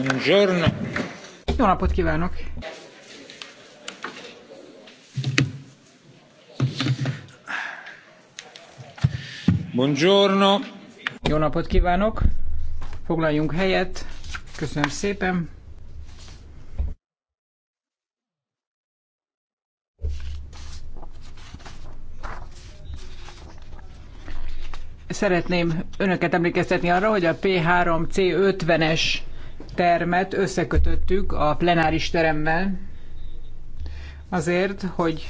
Buongiorno. Jó napot kívánok! Buongiorno. Jó napot kívánok! Foglaljunk helyet. Köszönöm szépen. Szeretném önöket emlékeztetni arra, hogy a P3C50-es termet összekötöttük a plenáris teremmel, azért, hogy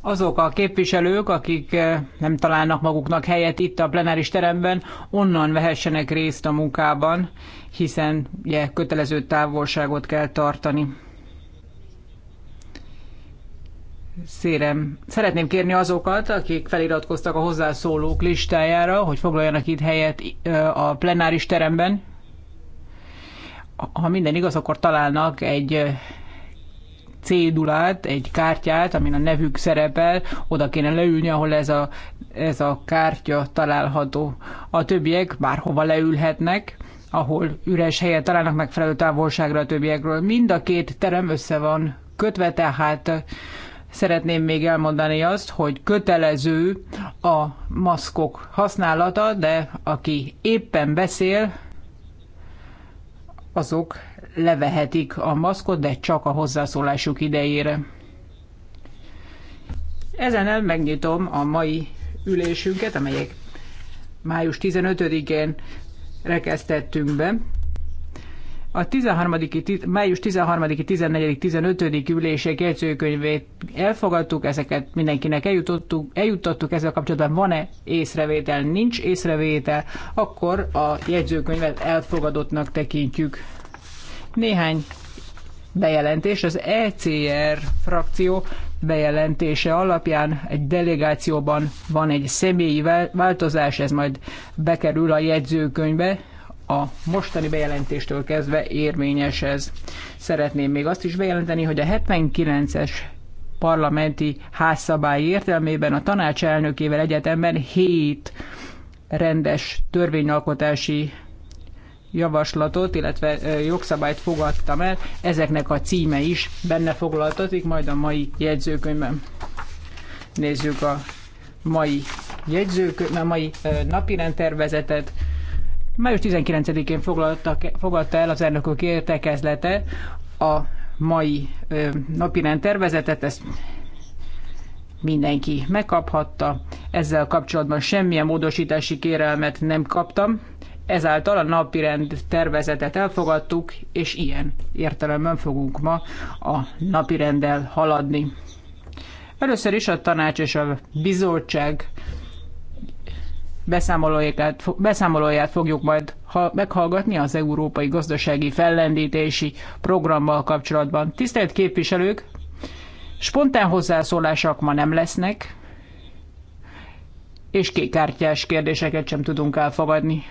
azok a képviselők, akik eh, nem találnak maguknak helyet itt a plenáris teremben, onnan vehessenek részt a munkában, hiszen ugye kötelező távolságot kell tartani. Szérem. Szeretném kérni azokat, akik feliratkoztak a hozzászólók listájára, hogy foglaljanak itt helyet eh, a plenáris teremben, ha minden igaz, akkor találnak egy cédulát, egy kártyát, amin a nevük szerepel, oda kéne leülni, ahol ez a, ez a kártya található. A többiek bárhova leülhetnek, ahol üres helyet találnak megfelelő távolságra a többiekről. Mind a két terem össze van kötve, tehát szeretném még elmondani azt, hogy kötelező a maszkok használata, de aki éppen beszél, azok levehetik a maszkot, de csak a hozzászólásuk idejére. Ezen el megnyitom a mai ülésünket, amelyek május 15-én rekesztettünk be. A 13. május 13. 14. 15. ülések jegyzőkönyvét elfogadtuk, ezeket mindenkinek eljutottuk, eljutottuk, ezzel kapcsolatban van-e észrevétel, nincs észrevétel, akkor a jegyzőkönyvet elfogadottnak tekintjük. Néhány bejelentés. Az ECR frakció bejelentése alapján egy delegációban van egy személyi változás, ez majd bekerül a jegyzőkönyvbe a mostani bejelentéstől kezdve érvényes ez. Szeretném még azt is bejelenteni, hogy a 79-es parlamenti házszabály értelmében a tanács elnökével egyetemben 7 rendes törvényalkotási javaslatot, illetve jogszabályt fogadtam el. Ezeknek a címe is benne foglaltatik majd a mai jegyzőkönyvben. Nézzük a mai jegyzőkönyv, a mai napirend tervezetet. Május 19-én fogadta el az elnökök értekezlete a mai napirend tervezetet, ezt mindenki megkaphatta. Ezzel kapcsolatban semmilyen módosítási kérelmet nem kaptam. Ezáltal a napirend tervezetet elfogadtuk, és ilyen értelemben fogunk ma a napirenddel haladni. Először is a tanács és a bizottság beszámolóját, beszámolóját fogjuk majd ha meghallgatni az Európai Gazdasági Fellendítési Programmal kapcsolatban. Tisztelt képviselők, spontán hozzászólások ma nem lesznek, és kékkártyás kérdéseket sem tudunk elfogadni.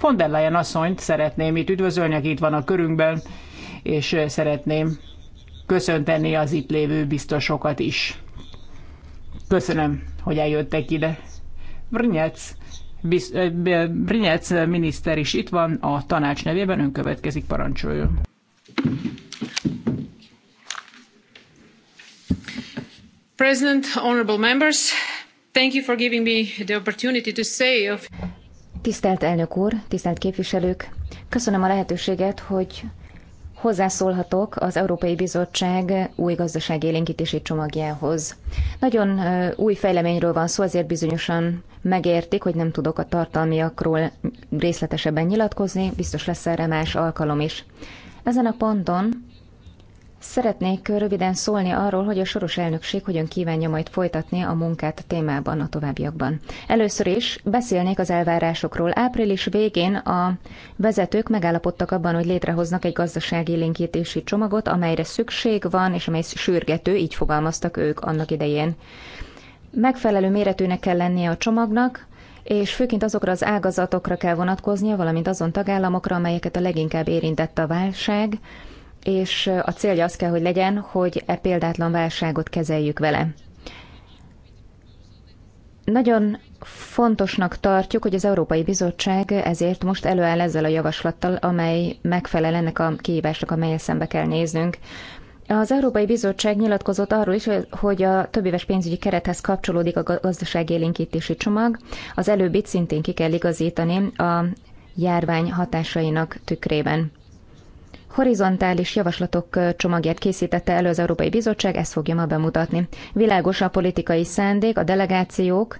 Von der Leyen asszonyt szeretném itt üdvözölni, aki itt van a körünkben, és szeretném köszönteni az itt lévő biztosokat is. Köszönöm, hogy eljöttek ide. Brnyec, biz, miniszter is itt van a tanács nevében, ön következik, parancsoljon. President, honorable members, thank you for giving me the opportunity to say of... Tisztelt elnök úr, tisztelt képviselők, köszönöm a lehetőséget, hogy hozzászólhatok az Európai Bizottság új gazdaságélénkítési csomagjához. Nagyon új fejleményről van szó, azért bizonyosan megértik, hogy nem tudok a tartalmiakról részletesebben nyilatkozni, biztos lesz erre más alkalom is. Ezen a ponton Szeretnék röviden szólni arról, hogy a soros elnökség hogyan kívánja majd folytatni a munkát a témában a továbbiakban. Először is beszélnék az elvárásokról. Április végén a vezetők megállapodtak abban, hogy létrehoznak egy gazdasági élénkítési csomagot, amelyre szükség van, és amely sürgető, így fogalmaztak ők annak idején. Megfelelő méretűnek kell lennie a csomagnak, és főként azokra az ágazatokra kell vonatkoznia, valamint azon tagállamokra, amelyeket a leginkább érintett a válság, és a célja az kell, hogy legyen, hogy e példátlan válságot kezeljük vele. Nagyon fontosnak tartjuk, hogy az Európai Bizottság ezért most előáll ezzel a javaslattal, amely megfelel ennek a kihívásnak, amelyel szembe kell néznünk. Az Európai Bizottság nyilatkozott arról is, hogy a többéves pénzügyi kerethez kapcsolódik a élénkítési csomag. Az előbbit szintén ki kell igazítani a járvány hatásainak tükrében horizontális javaslatok csomagját készítette elő az Európai Bizottság, ezt fogja ma bemutatni. Világos a politikai szándék, a delegációk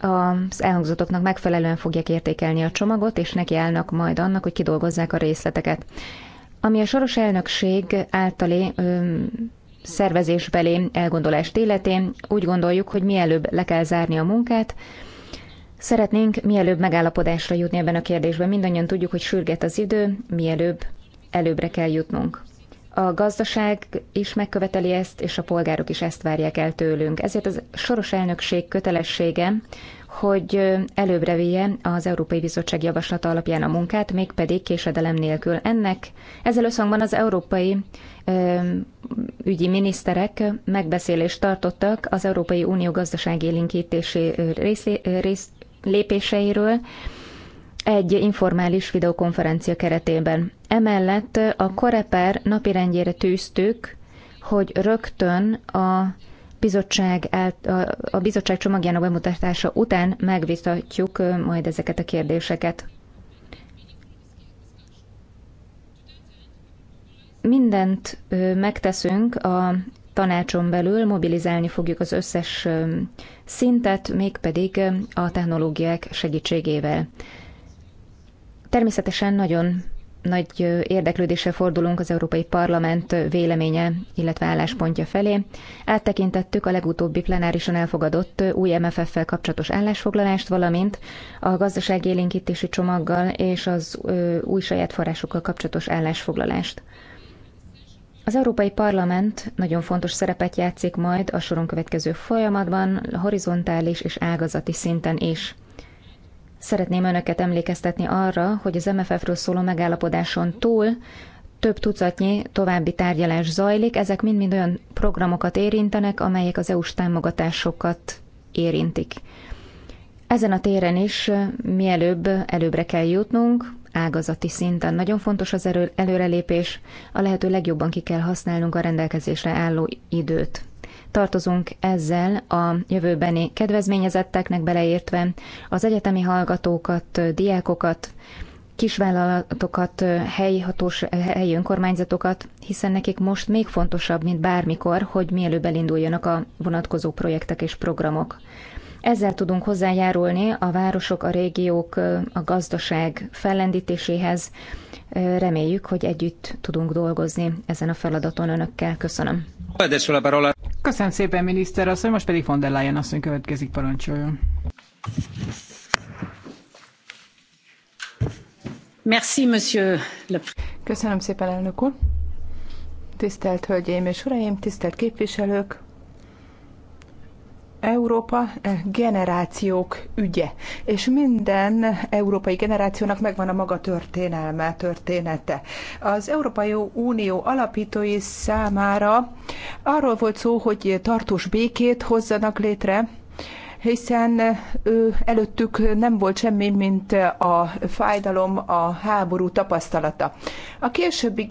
az elhangzottaknak megfelelően fogják értékelni a csomagot, és nekiállnak majd annak, hogy kidolgozzák a részleteket. Ami a soros elnökség általi szervezésbeli elgondolást illeti, úgy gondoljuk, hogy mielőbb le kell zárni a munkát, Szeretnénk mielőbb megállapodásra jutni ebben a kérdésben. Mindannyian tudjuk, hogy sürget az idő, mielőbb előbbre kell jutnunk. A gazdaság is megköveteli ezt, és a polgárok is ezt várják el tőlünk. Ezért az soros elnökség kötelessége, hogy előbbre vigye az Európai Bizottság javaslata alapján a munkát, mégpedig késedelem nélkül. Ennek ezzel összhangban az európai ö, ügyi miniszterek megbeszélést tartottak az Európai Unió gazdasági élinkítési rész, rész, lépéseiről, egy informális videokonferencia keretében. Emellett a Koreper napirendjére tűztük, hogy rögtön a bizottság, a bizottság csomagjának bemutatása után megvitatjuk majd ezeket a kérdéseket. Mindent megteszünk a tanácson belül, mobilizálni fogjuk az összes szintet, mégpedig a technológiák segítségével. Természetesen nagyon nagy érdeklődéssel fordulunk az Európai Parlament véleménye, illetve álláspontja felé. Áttekintettük a legutóbbi plenárison elfogadott új MFF-fel kapcsolatos állásfoglalást, valamint a gazdaságélénkítési csomaggal és az új saját forrásokkal kapcsolatos állásfoglalást. Az Európai Parlament nagyon fontos szerepet játszik majd a soron következő folyamatban, horizontális és ágazati szinten is. Szeretném önöket emlékeztetni arra, hogy az MFF-ről szóló megállapodáson túl több tucatnyi további tárgyalás zajlik, ezek mind-mind olyan programokat érintenek, amelyek az EU-s támogatásokat érintik. Ezen a téren is mielőbb előbbre kell jutnunk, ágazati szinten. Nagyon fontos az erő, előrelépés, a lehető legjobban ki kell használnunk a rendelkezésre álló időt. Tartozunk ezzel a jövőbeni kedvezményezetteknek beleértve az egyetemi hallgatókat, diákokat, kisvállalatokat, helyi, hatós, helyi önkormányzatokat, hiszen nekik most még fontosabb, mint bármikor, hogy mielőbb elinduljanak a vonatkozó projektek és programok. Ezzel tudunk hozzájárulni a városok, a régiók, a gazdaság fellendítéséhez. Reméljük, hogy együtt tudunk dolgozni ezen a feladaton önökkel. Köszönöm. Köszönöm szépen, miniszter asszony, most pedig von der Leyen asszony következik, parancsoljon. Merci, monsieur le... Köszönöm szépen, elnök úr. Tisztelt Hölgyeim és Uraim, tisztelt képviselők, Európa eh, generációk ügye, és minden európai generációnak megvan a maga történelme, története. Az Európai Unió alapítói számára arról volt szó, hogy tartós békét hozzanak létre, hiszen ő, előttük nem volt semmi, mint a fájdalom, a háború tapasztalata. A későbbi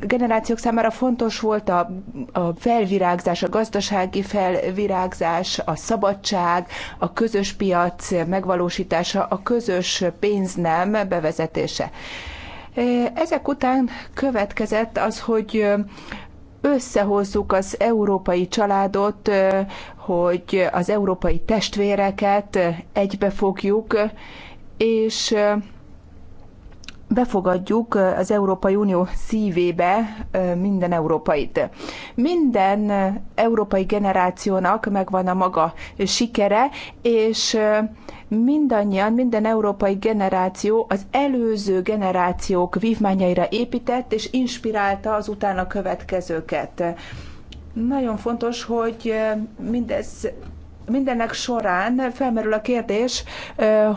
generációk számára fontos volt a, a felvirágzás, a gazdasági felvirágzás, a szabadság, a közös piac megvalósítása, a közös pénznem bevezetése. Ezek után következett az, hogy összehozzuk az európai családot, hogy az európai testvéreket egybefogjuk, és befogadjuk az Európai Unió szívébe minden európait. Minden európai generációnak megvan a maga sikere, és mindannyian, minden európai generáció az előző generációk vívmányaira épített és inspirálta az utána következőket. Nagyon fontos, hogy mindez mindennek során felmerül a kérdés,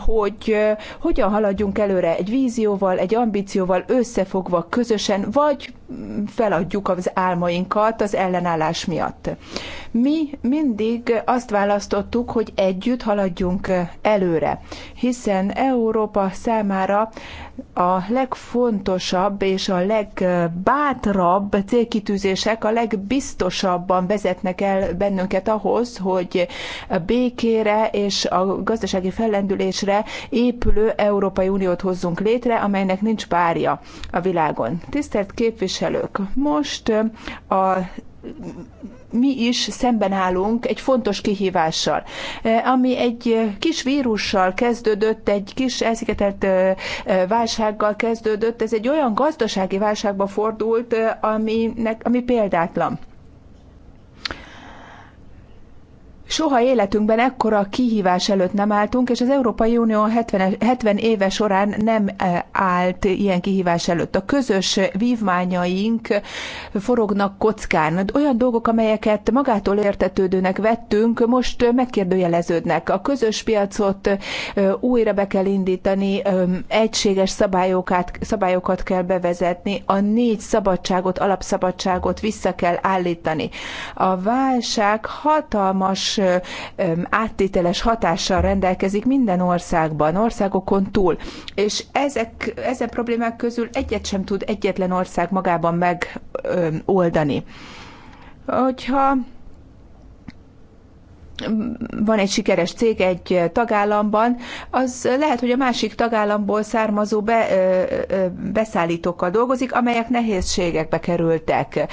hogy hogyan haladjunk előre egy vízióval, egy ambícióval, összefogva, közösen, vagy feladjuk az álmainkat az ellenállás miatt. Mi mindig azt választottuk, hogy együtt haladjunk előre, hiszen Európa számára a legfontosabb és a legbátrabb célkitűzések a legbiztosabban vezetnek el bennünket ahhoz, hogy a békére és a gazdasági fellendülésre épülő Európai Uniót hozzunk létre, amelynek nincs párja a világon. Tisztelt képviselő! képviselők. Most a mi is szemben állunk egy fontos kihívással, ami egy kis vírussal kezdődött, egy kis elszigetelt válsággal kezdődött, ez egy olyan gazdasági válságba fordult, aminek, ami példátlan. Soha életünkben ekkora kihívás előtt nem álltunk, és az Európai Unió 70, 70 éve során nem eh, állt ilyen kihívás előtt. A közös vívmányaink forognak kockán. Olyan dolgok, amelyeket magától értetődőnek vettünk, most megkérdőjeleződnek. A közös piacot eh, újra be kell indítani, eh, egységes szabályokat, szabályokat kell bevezetni, a négy szabadságot, alapszabadságot vissza kell állítani. A válság hatalmas áttételes hatással rendelkezik minden országban, országokon túl. És ezek, ezen problémák közül egyet sem tud egyetlen ország magában megoldani. Hogyha van egy sikeres cég egy tagállamban, az lehet, hogy a másik tagállamból származó be, beszállítókkal dolgozik, amelyek nehézségekbe kerültek.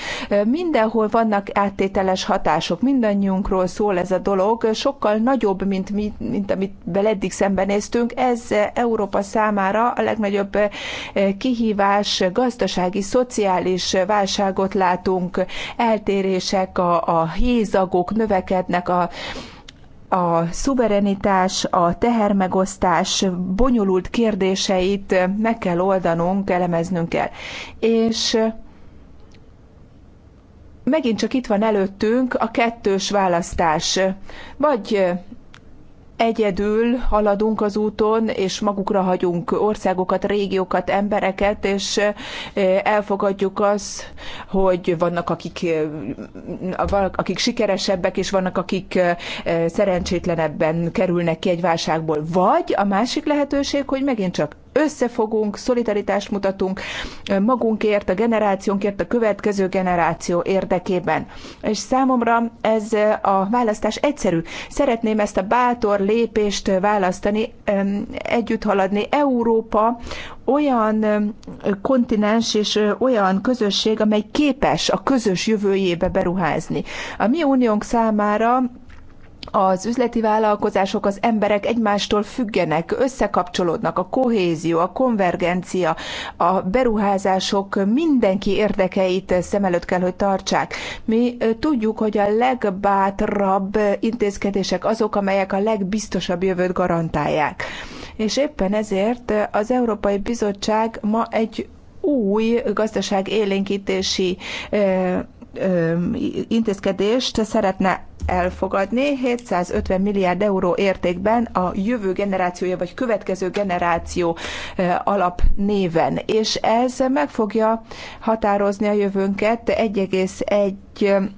Mindenhol vannak áttételes hatások, mindannyiunkról szól ez a dolog, sokkal nagyobb, mint, mi, mint amit eddig szembenéztünk. Ez Európa számára a legnagyobb kihívás, gazdasági, szociális válságot látunk, eltérések, a, a hézagok növekednek, a a szuverenitás, a tehermegosztás bonyolult kérdéseit meg kell oldanunk, elemeznünk kell. És megint csak itt van előttünk a kettős választás. Vagy egyedül haladunk az úton, és magukra hagyunk országokat, régiókat, embereket, és elfogadjuk azt, hogy vannak akik, akik sikeresebbek, és vannak akik szerencsétlenebben kerülnek ki egy válságból. Vagy a másik lehetőség, hogy megint csak összefogunk, szolidaritást mutatunk magunkért, a generációnkért, a következő generáció érdekében. És számomra ez a választás egyszerű. Szeretném ezt a bátor lépést választani, együtt haladni. Európa olyan kontinens és olyan közösség, amely képes a közös jövőjébe beruházni. A mi uniónk számára az üzleti vállalkozások, az emberek egymástól függenek, összekapcsolódnak, a kohézió, a konvergencia, a beruházások mindenki érdekeit szem előtt kell, hogy tartsák. Mi tudjuk, hogy a legbátrabb intézkedések azok, amelyek a legbiztosabb jövőt garantálják. És éppen ezért az Európai Bizottság ma egy új gazdaság élénkítési intézkedést szeretne elfogadni 750 milliárd euró értékben a jövő generációja vagy következő generáció alap néven. És ez meg fogja határozni a jövőnket 1,1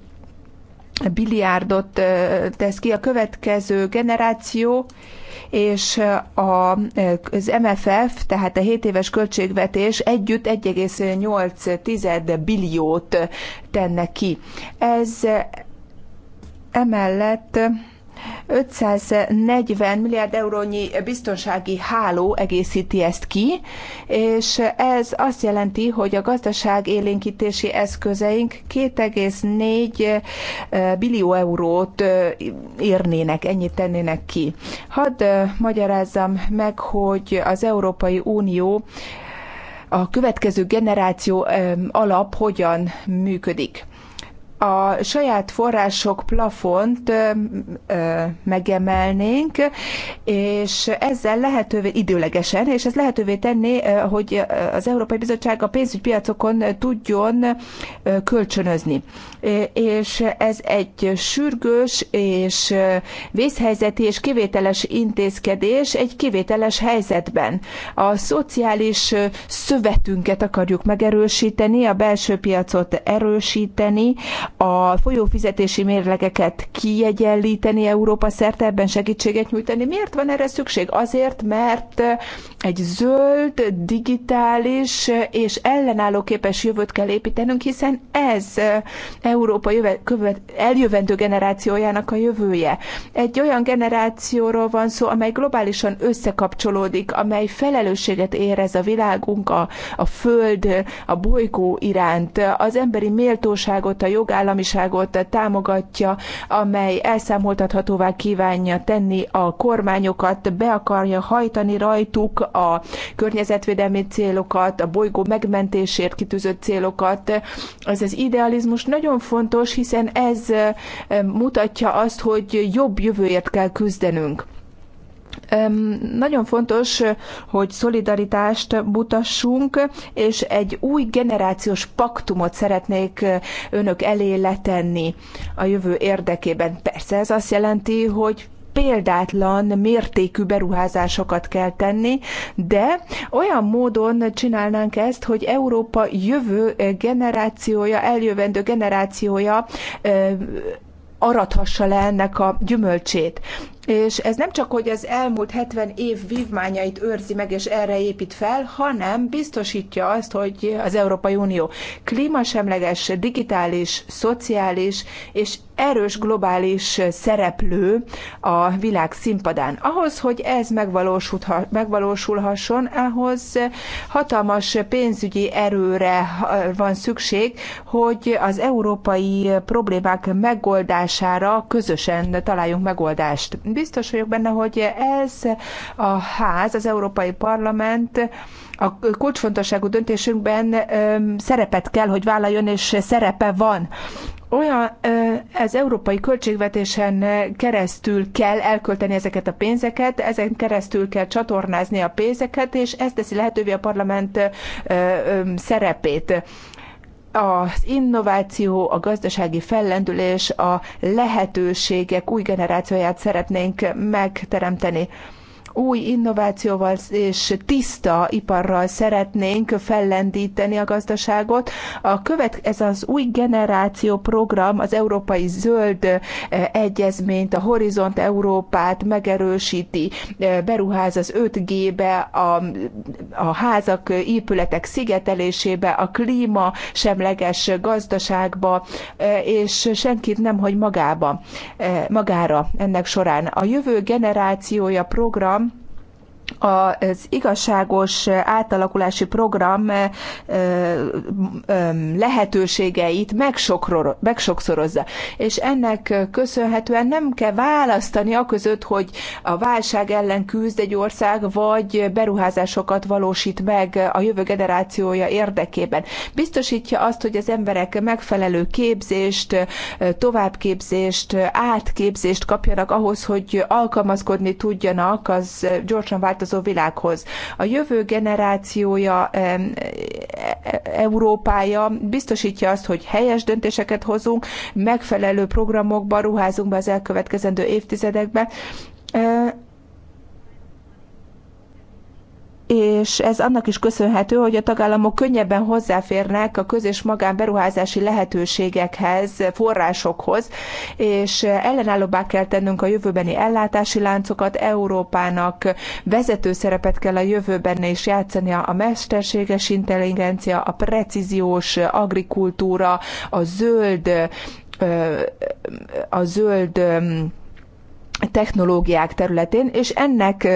biliárdot tesz ki a következő generáció és eh, eh, az MFF, tehát a 7 éves költségvetés együtt 1,8 billiót tenne ki. Ez eh, emellett 540 milliárd eurónyi biztonsági háló egészíti ezt ki, és ez azt jelenti, hogy a gazdaság élénkítési eszközeink 2,4 billió eurót érnének, ennyit tennének ki. Hadd magyarázzam meg, hogy az Európai Unió a következő generáció alap hogyan működik a saját források plafont megemelnénk, és ezzel lehetővé időlegesen, és ez lehetővé tenné, hogy az Európai Bizottság a pénzügypiacokon tudjon kölcsönözni. És ez egy sürgős és vészhelyzeti és kivételes intézkedés egy kivételes helyzetben. A szociális szövetünket akarjuk megerősíteni, a belső piacot erősíteni, a folyófizetési mérlegeket kiegyenlíteni Európa szerte, ebben segítséget nyújtani. Miért van erre szükség? Azért, mert egy zöld, digitális és ellenálló képes jövőt kell építenünk, hiszen ez Európa jöve, követ, eljövendő generációjának a jövője. Egy olyan generációról van szó, amely globálisan összekapcsolódik, amely felelősséget érez a világunk, a, a föld, a bolygó iránt, az emberi méltóságot, a jogát, jogállamiságot támogatja, amely elszámoltathatóvá kívánja tenni a kormányokat, be akarja hajtani rajtuk a környezetvédelmi célokat, a bolygó megmentésért kitűzött célokat. Ez az idealizmus nagyon fontos, hiszen ez eh, mutatja azt, hogy jobb jövőért kell küzdenünk nagyon fontos, hogy szolidaritást mutassunk, és egy új generációs paktumot szeretnék önök elé letenni a jövő érdekében. Persze ez azt jelenti, hogy példátlan mértékű beruházásokat kell tenni, de olyan módon csinálnánk ezt, hogy Európa jövő generációja, eljövendő generációja arathassa le ennek a gyümölcsét. És ez nem csak, hogy az elmúlt 70 év vívmányait őrzi meg és erre épít fel, hanem biztosítja azt, hogy az Európai Unió klímasemleges, digitális, szociális és erős globális szereplő a világ színpadán. Ahhoz, hogy ez megvalósulhasson, ahhoz hatalmas pénzügyi erőre van szükség, hogy az európai problémák megoldására közösen találjunk megoldást. Biztos vagyok benne, hogy ez a ház, az Európai Parlament a kulcsfontosságú döntésünkben szerepet kell, hogy vállaljon, és szerepe van. Olyan az európai költségvetésen keresztül kell elkölteni ezeket a pénzeket, ezen keresztül kell csatornázni a pénzeket, és ez teszi lehetővé a parlament szerepét az innováció, a gazdasági fellendülés, a lehetőségek új generációját szeretnénk megteremteni új innovációval és tiszta iparral szeretnénk fellendíteni a gazdaságot. A követ, ez az új generáció program az Európai Zöld eh, Egyezményt, a Horizont Európát megerősíti, eh, beruház az 5G-be, a, a házak, eh, épületek szigetelésébe, a klíma semleges gazdaságba, és senkit nem hagy magába, magára ennek során. A jövő generációja program az igazságos átalakulási program lehetőségeit megsokszorozza. És ennek köszönhetően nem kell választani a között, hogy a válság ellen küzd egy ország, vagy beruházásokat valósít meg a jövő generációja érdekében. Biztosítja azt, hogy az emberek megfelelő képzést, továbbképzést, átképzést kapjanak ahhoz, hogy alkalmazkodni tudjanak az gyorsan változó változó világhoz. A jövő generációja, e, e, Európája biztosítja azt, hogy helyes döntéseket hozunk, megfelelő programokba ruházunk be az elkövetkezendő évtizedekben, és ez annak is köszönhető, hogy a tagállamok könnyebben hozzáférnek a köz- és magánberuházási lehetőségekhez, forrásokhoz, és ellenállóbbá kell tennünk a jövőbeni ellátási láncokat, Európának vezető szerepet kell a jövőben is játszania a mesterséges intelligencia, a precíziós agrikultúra, a zöld a zöld technológiák területén, és ennek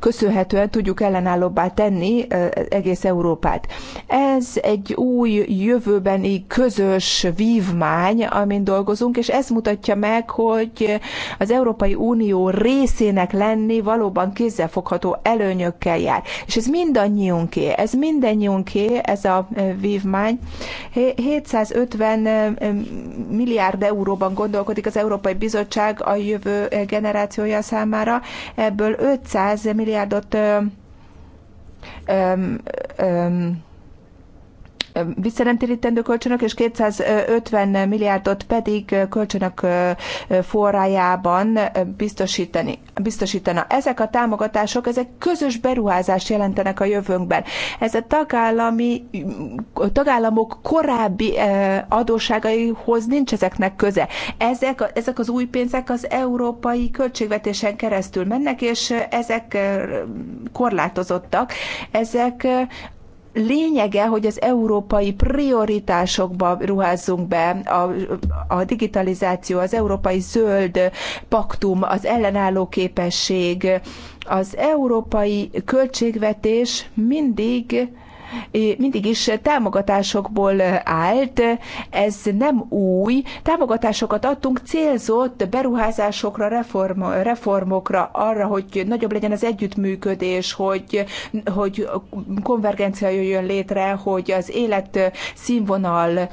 köszönhetően tudjuk ellenállóbbá tenni egész Európát. Ez egy új jövőbeni közös vívmány, amin dolgozunk, és ez mutatja meg, hogy az Európai Unió részének lenni valóban kézzelfogható előnyökkel jár. És ez mindannyiunké, ez mindannyiunké, ez a vívmány. 750 milliárd euróban gondolkodik az Európai Bizottság a jövő generáció generációja számára, ebből 500 milliárdot öm, öm, öm, visszanemtérítendő kölcsönök, és 250 milliárdot pedig kölcsönök forrájában biztosítani, biztosítana. Ezek a támogatások, ezek közös beruházást jelentenek a jövőnkben. Ez a tagállami, tagállamok korábbi adósságaihoz nincs ezeknek köze. Ezek, ezek az új pénzek az európai költségvetésen keresztül mennek, és ezek korlátozottak. Ezek lényege, hogy az európai prioritásokba ruházzunk be a, a digitalizáció, az európai zöld paktum, az ellenálló képesség, az európai költségvetés mindig mindig is támogatásokból állt, ez nem új. Támogatásokat adtunk célzott beruházásokra, reform, reformokra, arra, hogy nagyobb legyen az együttműködés, hogy, hogy konvergencia jöjjön létre, hogy az élet színvonal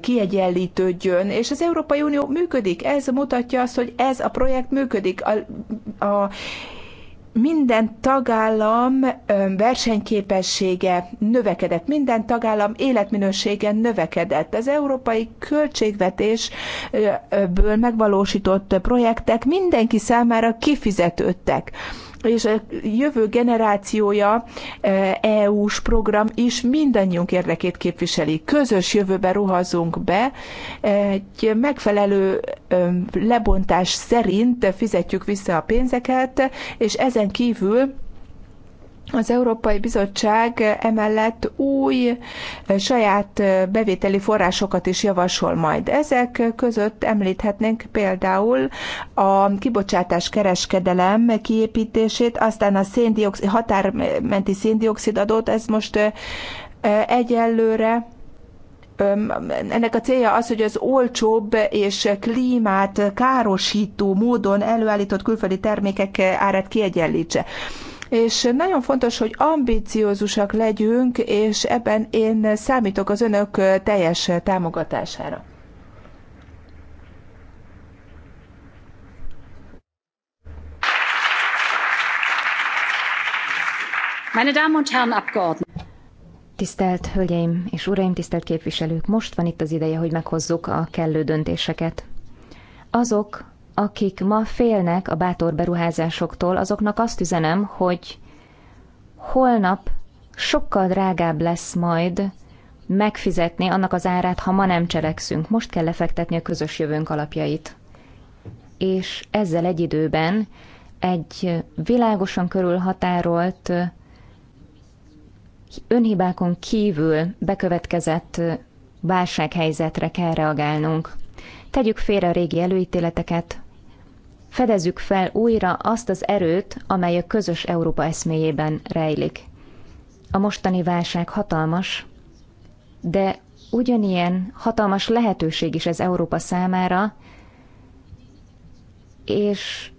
kiegyenlítődjön, és az Európai Unió működik. Ez mutatja azt, hogy ez a projekt működik. A, a minden tagállam versenyképessége növekedett, minden tagállam életminősége növekedett. Az európai költségvetésből megvalósított projektek mindenki számára kifizetődtek és a eh, jövő generációja EU-s eh, e program is mindannyiunk érdekét képviseli. Közös jövőbe ruhazunk be, egy megfelelő eh, lebontás szerint fizetjük vissza a pénzeket, és ezen kívül az Európai Bizottság emellett új eh, saját eh, bevételi forrásokat is javasol majd. Ezek között említhetnénk például a kibocsátás kereskedelem kiépítését, aztán a széndiokszid, határmenti széndiokszid adót, ez most eh, egyelőre ennek a célja az, hogy az olcsóbb és klímát károsító módon előállított külföldi termékek árát kiegyenlítse és nagyon fontos, hogy ambiciózusak legyünk, és ebben én számítok az önök teljes támogatására. Meine Damen und Herren Abgeordneten! Tisztelt Hölgyeim és Uraim, tisztelt képviselők! Most van itt az ideje, hogy meghozzuk a kellő döntéseket. Azok, akik ma félnek a bátor beruházásoktól, azoknak azt üzenem, hogy holnap sokkal drágább lesz majd megfizetni annak az árát, ha ma nem cselekszünk. Most kell lefektetni a közös jövőnk alapjait. És ezzel egy időben egy világosan körülhatárolt, önhibákon kívül bekövetkezett válsághelyzetre kell reagálnunk. Tegyük félre a régi előítéleteket, fedezzük fel újra azt az erőt, amely a közös Európa eszméjében rejlik. A mostani válság hatalmas, de ugyanilyen hatalmas lehetőség is ez Európa számára, és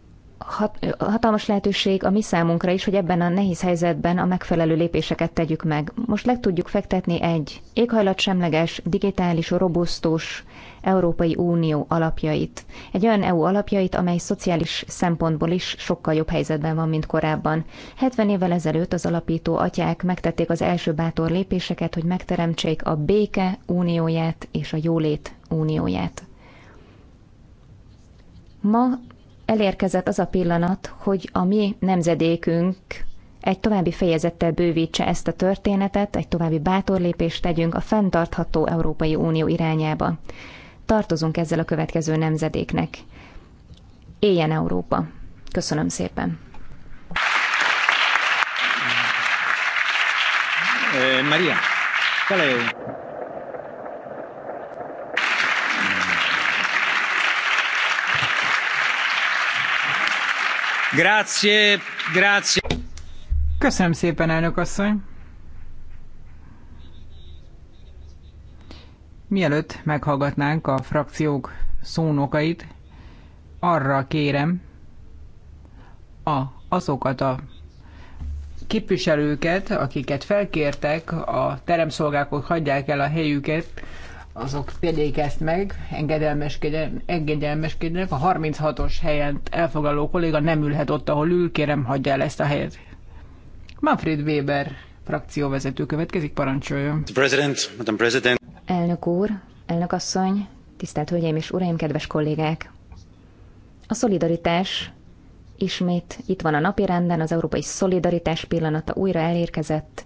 hat, hatalmas lehetőség a mi számunkra is, hogy ebben a nehéz helyzetben a megfelelő lépéseket tegyük meg. Most le tudjuk fektetni egy éghajlatsemleges, digitális, robusztus Európai Unió alapjait. Egy olyan EU alapjait, amely szociális szempontból is sokkal jobb helyzetben van, mint korábban. 70 évvel ezelőtt az alapító atyák megtették az első bátor lépéseket, hogy megteremtsék a béke unióját és a jólét unióját. Ma elérkezett az a pillanat, hogy a mi nemzedékünk egy további fejezettel bővítse ezt a történetet, egy további bátor lépést tegyünk a fenntartható Európai Unió irányába. Tartozunk ezzel a következő nemzedéknek. Éljen Európa! Köszönöm szépen! Eh, Maria, te Köszönöm szépen, elnök asszony. Mielőtt meghallgatnánk a frakciók szónokait, arra kérem a, azokat a képviselőket, akiket felkértek, a teremszolgákok hagyják el a helyüket, azok pedig ezt meg, engedelmeskednek. A 36-os helyen elfoglaló kolléga nem ülhet ott, ahol ül, kérem, hagyja el ezt a helyet. Manfred Weber, frakcióvezető következik, parancsoljon. President, Madam President. Elnök úr, elnök asszony, tisztelt hölgyeim és uraim, kedves kollégák! A szolidaritás ismét itt van a napirenden, az európai szolidaritás pillanata újra elérkezett,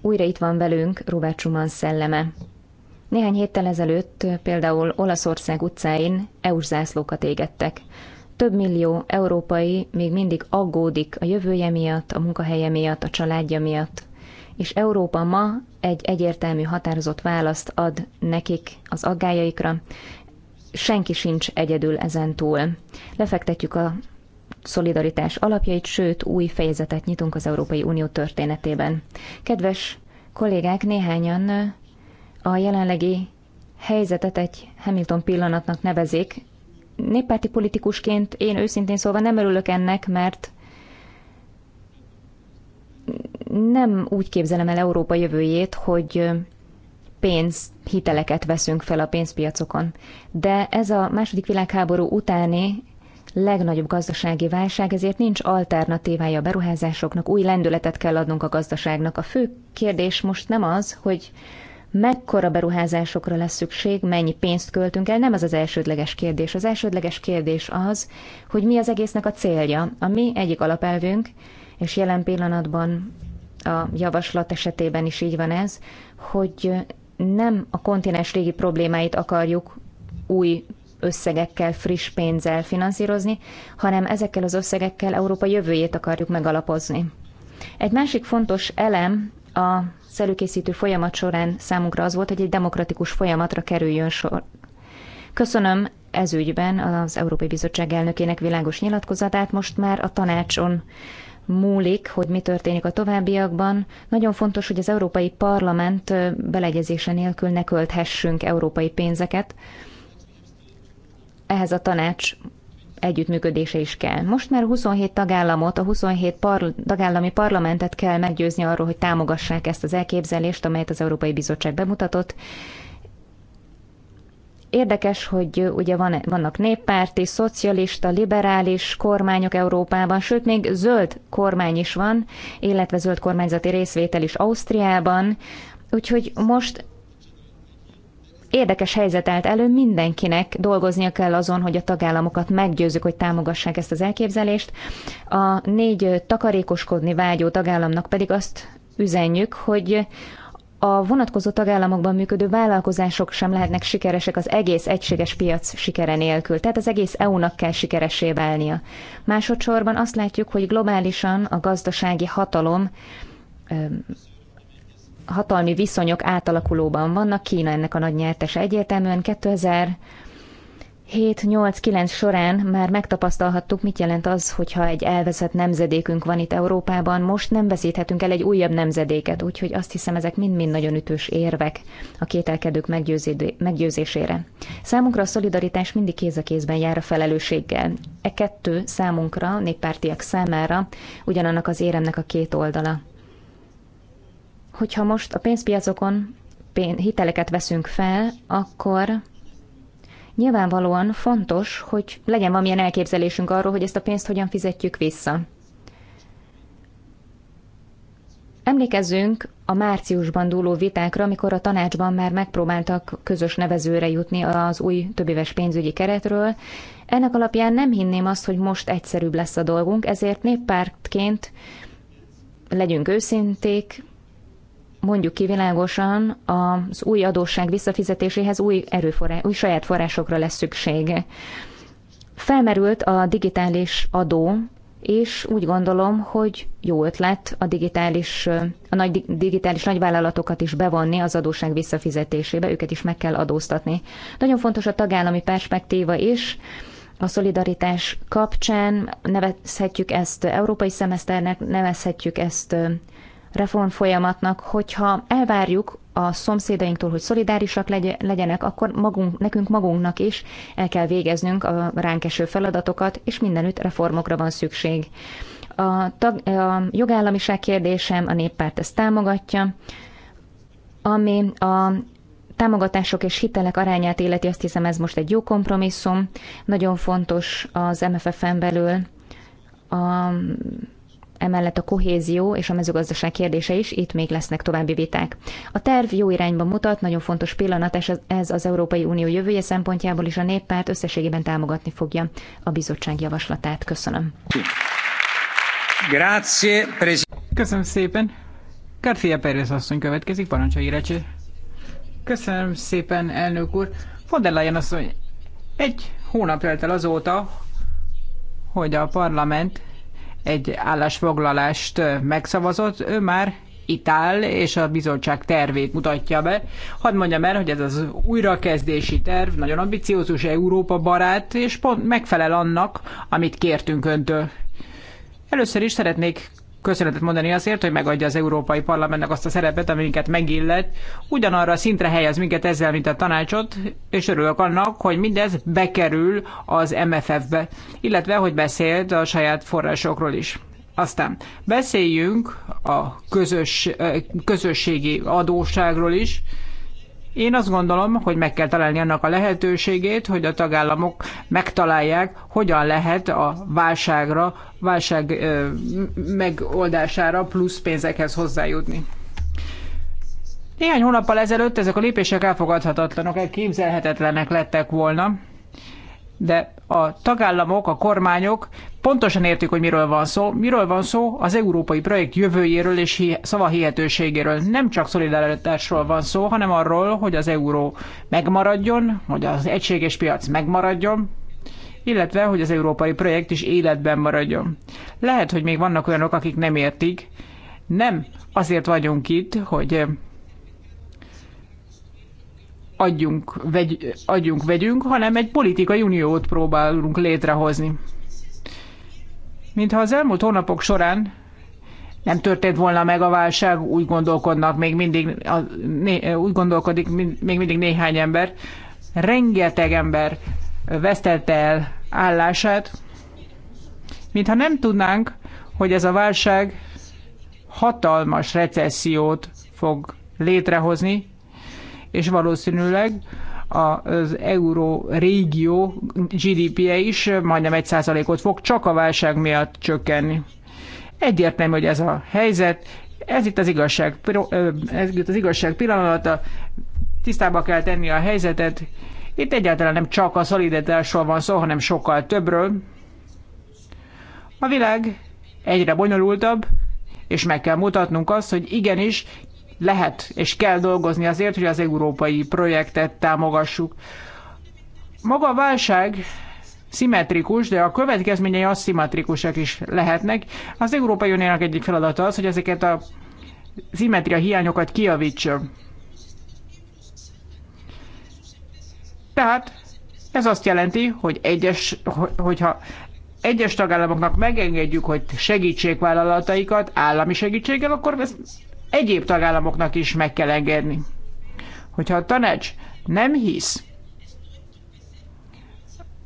újra itt van velünk Robert Schumann szelleme. Néhány héttel ezelőtt például Olaszország utcáin EU-s zászlókat égettek. Több millió európai még mindig aggódik a jövője miatt, a munkahelye miatt, a családja miatt. És Európa ma egy egyértelmű határozott választ ad nekik az aggájaikra. Senki sincs egyedül ezen túl. Lefektetjük a szolidaritás alapjait, sőt új fejezetet nyitunk az Európai Unió történetében. Kedves kollégák, néhányan a jelenlegi helyzetet egy Hamilton pillanatnak nevezik. Néppárti politikusként én őszintén szólva nem örülök ennek, mert nem úgy képzelem el Európa jövőjét, hogy pénz, hiteleket veszünk fel a pénzpiacokon. De ez a második világháború utáni legnagyobb gazdasági válság, ezért nincs alternatívája a beruházásoknak, új lendületet kell adnunk a gazdaságnak. A fő kérdés most nem az, hogy mekkora beruházásokra lesz szükség, mennyi pénzt költünk el, nem az az elsődleges kérdés. Az elsődleges kérdés az, hogy mi az egésznek a célja. A mi egyik alapelvünk, és jelen pillanatban a javaslat esetében is így van ez, hogy nem a kontinens régi problémáit akarjuk új összegekkel, friss pénzzel finanszírozni, hanem ezekkel az összegekkel Európa jövőjét akarjuk megalapozni. Egy másik fontos elem a az előkészítő folyamat során számunkra az volt, hogy egy demokratikus folyamatra kerüljön sor. Köszönöm ezügyben az Európai Bizottság elnökének világos nyilatkozatát, most már a tanácson múlik, hogy mi történik a továbbiakban. Nagyon fontos, hogy az Európai Parlament beleegyezése nélkül ne költhessünk európai pénzeket. Ehhez a tanács együttműködése is kell. Most már 27 tagállamot, a 27 parl- tagállami parlamentet kell meggyőzni arról, hogy támogassák ezt az elképzelést, amelyet az Európai Bizottság bemutatott. Érdekes, hogy ugye van, vannak néppárti, szocialista, liberális kormányok Európában, sőt még zöld kormány is van, illetve zöld kormányzati részvétel is Ausztriában. Úgyhogy most érdekes helyzet állt elő, mindenkinek dolgoznia kell azon, hogy a tagállamokat meggyőzzük, hogy támogassák ezt az elképzelést. A négy takarékoskodni vágyó tagállamnak pedig azt üzenjük, hogy a vonatkozó tagállamokban működő vállalkozások sem lehetnek sikeresek az egész egységes piac sikere nélkül, tehát az egész EU-nak kell sikeresé válnia. Másodszorban azt látjuk, hogy globálisan a gazdasági hatalom hatalmi viszonyok átalakulóban vannak, Kína ennek a nagy nyertese egyértelműen 2000 7-8-9 során már megtapasztalhattuk, mit jelent az, hogyha egy elveszett nemzedékünk van itt Európában, most nem veszíthetünk el egy újabb nemzedéket, úgyhogy azt hiszem ezek mind-mind nagyon ütős érvek a kételkedők meggyőzésére. Számunkra a szolidaritás mindig kéz a kézben jár a felelősséggel. E kettő számunkra, néppártiak számára ugyanannak az éremnek a két oldala hogyha most a pénzpiacokon hiteleket veszünk fel, akkor nyilvánvalóan fontos, hogy legyen valamilyen elképzelésünk arról, hogy ezt a pénzt hogyan fizetjük vissza. Emlékezzünk a márciusban dúló vitákra, amikor a tanácsban már megpróbáltak közös nevezőre jutni az új többéves pénzügyi keretről. Ennek alapján nem hinném azt, hogy most egyszerűbb lesz a dolgunk, ezért néppártként legyünk őszinték, mondjuk kivilágosan, az új adósság visszafizetéséhez új, erőforrás, új saját forrásokra lesz szükség. Felmerült a digitális adó, és úgy gondolom, hogy jó ötlet a digitális, a nagy digitális nagyvállalatokat is bevonni az adóság visszafizetésébe, őket is meg kell adóztatni. Nagyon fontos a tagállami perspektíva is, a szolidaritás kapcsán nevezhetjük ezt európai szemeszternek, nevezhetjük ezt reform folyamatnak, hogyha elvárjuk a szomszédainktól, hogy szolidárisak legyenek, akkor magunk, nekünk magunknak is el kell végeznünk a ránk eső feladatokat, és mindenütt reformokra van szükség. A, tag, a jogállamiság kérdésem, a néppárt ezt támogatja, ami a támogatások és hitelek arányát illeti, azt hiszem ez most egy jó kompromisszum, nagyon fontos az MFF-en belül a emellett a kohézió és a mezőgazdaság kérdése is, itt még lesznek további viták. A terv jó irányba mutat, nagyon fontos pillanat, és ez az Európai Unió jövője szempontjából is a néppárt összességében támogatni fogja a bizottság javaslatát. Köszönöm. Grazie, Köszönöm szépen. García Pérez asszony következik, parancsai recső. Köszönöm szépen, elnök úr. Von der Leyen asszony, egy hónap telt el azóta, hogy a parlament egy állásfoglalást megszavazott, ő már itt áll, és a bizottság tervét mutatja be. Hadd mondjam el, hogy ez az újrakezdési terv nagyon ambiciózus, Európa barát, és pont megfelel annak, amit kértünk öntől. Először is szeretnék köszönetet mondani azért, hogy megadja az Európai Parlamentnek azt a szerepet, minket megillet. Ugyanarra a szintre helyez minket ezzel, mint a tanácsot, és örülök annak, hogy mindez bekerül az MFF-be, illetve, hogy beszélt a saját forrásokról is. Aztán beszéljünk a közös, közösségi adósságról is. Én azt gondolom, hogy meg kell találni annak a lehetőségét, hogy a tagállamok megtalálják, hogyan lehet a válságra, válság ö, megoldására plusz pénzekhez hozzájutni. Néhány hónappal ezelőtt ezek a lépések elfogadhatatlanok, elképzelhetetlenek lettek volna, de a tagállamok, a kormányok Pontosan értük, hogy miről van szó. Miről van szó? Az európai projekt jövőjéről és hi- szavahihetőségéről. Nem csak szolidaritásról van szó, hanem arról, hogy az euró megmaradjon, hogy az egységes piac megmaradjon, illetve, hogy az európai projekt is életben maradjon. Lehet, hogy még vannak olyanok, akik nem értik. Nem azért vagyunk itt, hogy adjunk, vegy, adjunk vegyünk, hanem egy politikai uniót próbálunk létrehozni. Mintha az elmúlt hónapok során nem történt volna meg a válság, úgy gondolkodnak még mindig, a, né, úgy gondolkodik még mindig néhány ember. Rengeteg ember vesztette el állását, mintha nem tudnánk, hogy ez a válság hatalmas recessziót fog létrehozni, és valószínűleg az euró régió GDP-je is majdnem 1%-ot fog csak a válság miatt csökkenni. Egyértelmű, hogy ez a helyzet, ez itt az igazság, ez itt az igazság pillanata, tisztába kell tenni a helyzetet. Itt egyáltalán nem csak a szolidaritásról van szó, hanem sokkal többről. A világ egyre bonyolultabb, és meg kell mutatnunk azt, hogy igenis lehet és kell dolgozni azért, hogy az európai projektet támogassuk. Maga a válság szimmetrikus, de a következményei aszimmetrikusak is lehetnek. Az Európai Uniónak egyik feladata az, hogy ezeket a szimmetria hiányokat kiavítsa. Tehát ez azt jelenti, hogy egyes, hogyha egyes tagállamoknak megengedjük, hogy segítsék vállalataikat állami segítséggel, akkor ez egyéb tagállamoknak is meg kell engedni. Hogyha a tanács nem hisz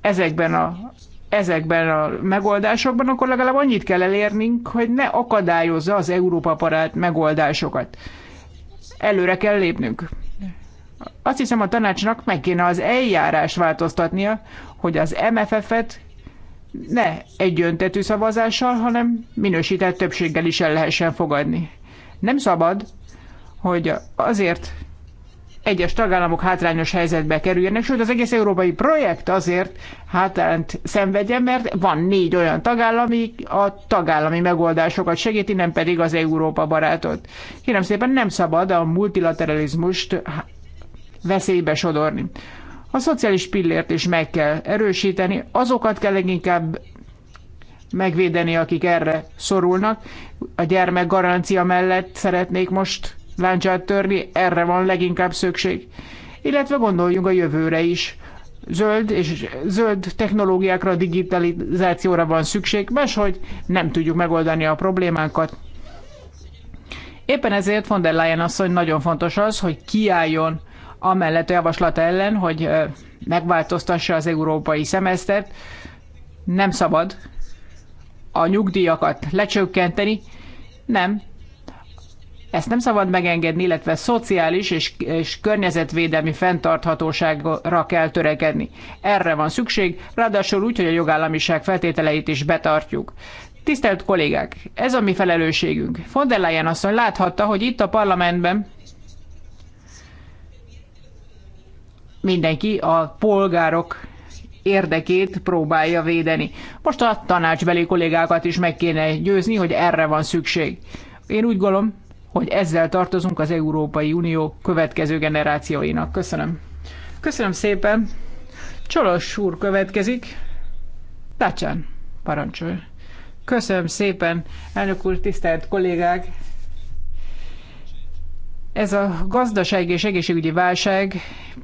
ezekben a, ezekben a megoldásokban, akkor legalább annyit kell elérnünk, hogy ne akadályozza az Európa parát megoldásokat. Előre kell lépnünk. Azt hiszem a tanácsnak meg kéne az eljárást változtatnia, hogy az MFF-et ne egyöntetű szavazással, hanem minősített többséggel is el lehessen fogadni. Nem szabad, hogy azért egyes tagállamok hátrányos helyzetbe kerüljenek, sőt az egész európai projekt azért hátrányt szenvedjen, mert van négy olyan tagállam, ami a tagállami megoldásokat segíti, nem pedig az Európa barátot. Kérem szépen nem szabad a multilateralizmust veszélybe sodorni. A szociális pillért is meg kell erősíteni, azokat kell leginkább megvédeni, akik erre szorulnak. A gyermek garancia mellett szeretnék most láncsát törni, erre van leginkább szükség. Illetve gondoljunk a jövőre is. Zöld és zöld technológiákra, digitalizációra van szükség, máshogy nem tudjuk megoldani a problémánkat. Éppen ezért von der Leyen asszony nagyon fontos az, hogy kiálljon amellett a javaslat ellen, hogy megváltoztassa az európai szemesztert. Nem szabad a nyugdíjakat lecsökkenteni. Nem. Ezt nem szabad megengedni, illetve szociális és, és környezetvédelmi fenntarthatóságra kell törekedni. Erre van szükség, ráadásul úgy, hogy a jogállamiság feltételeit is betartjuk. Tisztelt kollégák, ez a mi felelősségünk. Von der Leyen asszony láthatta, hogy itt a parlamentben mindenki a polgárok érdekét próbálja védeni. Most a tanácsbeli kollégákat is meg kéne győzni, hogy erre van szükség. Én úgy gondolom, hogy ezzel tartozunk az Európai Unió következő generációinak. Köszönöm. Köszönöm szépen. Csolos úr következik. Tácsán, parancsolj. Köszönöm szépen, elnök úr, tisztelt kollégák, ez a gazdasági és egészségügyi válság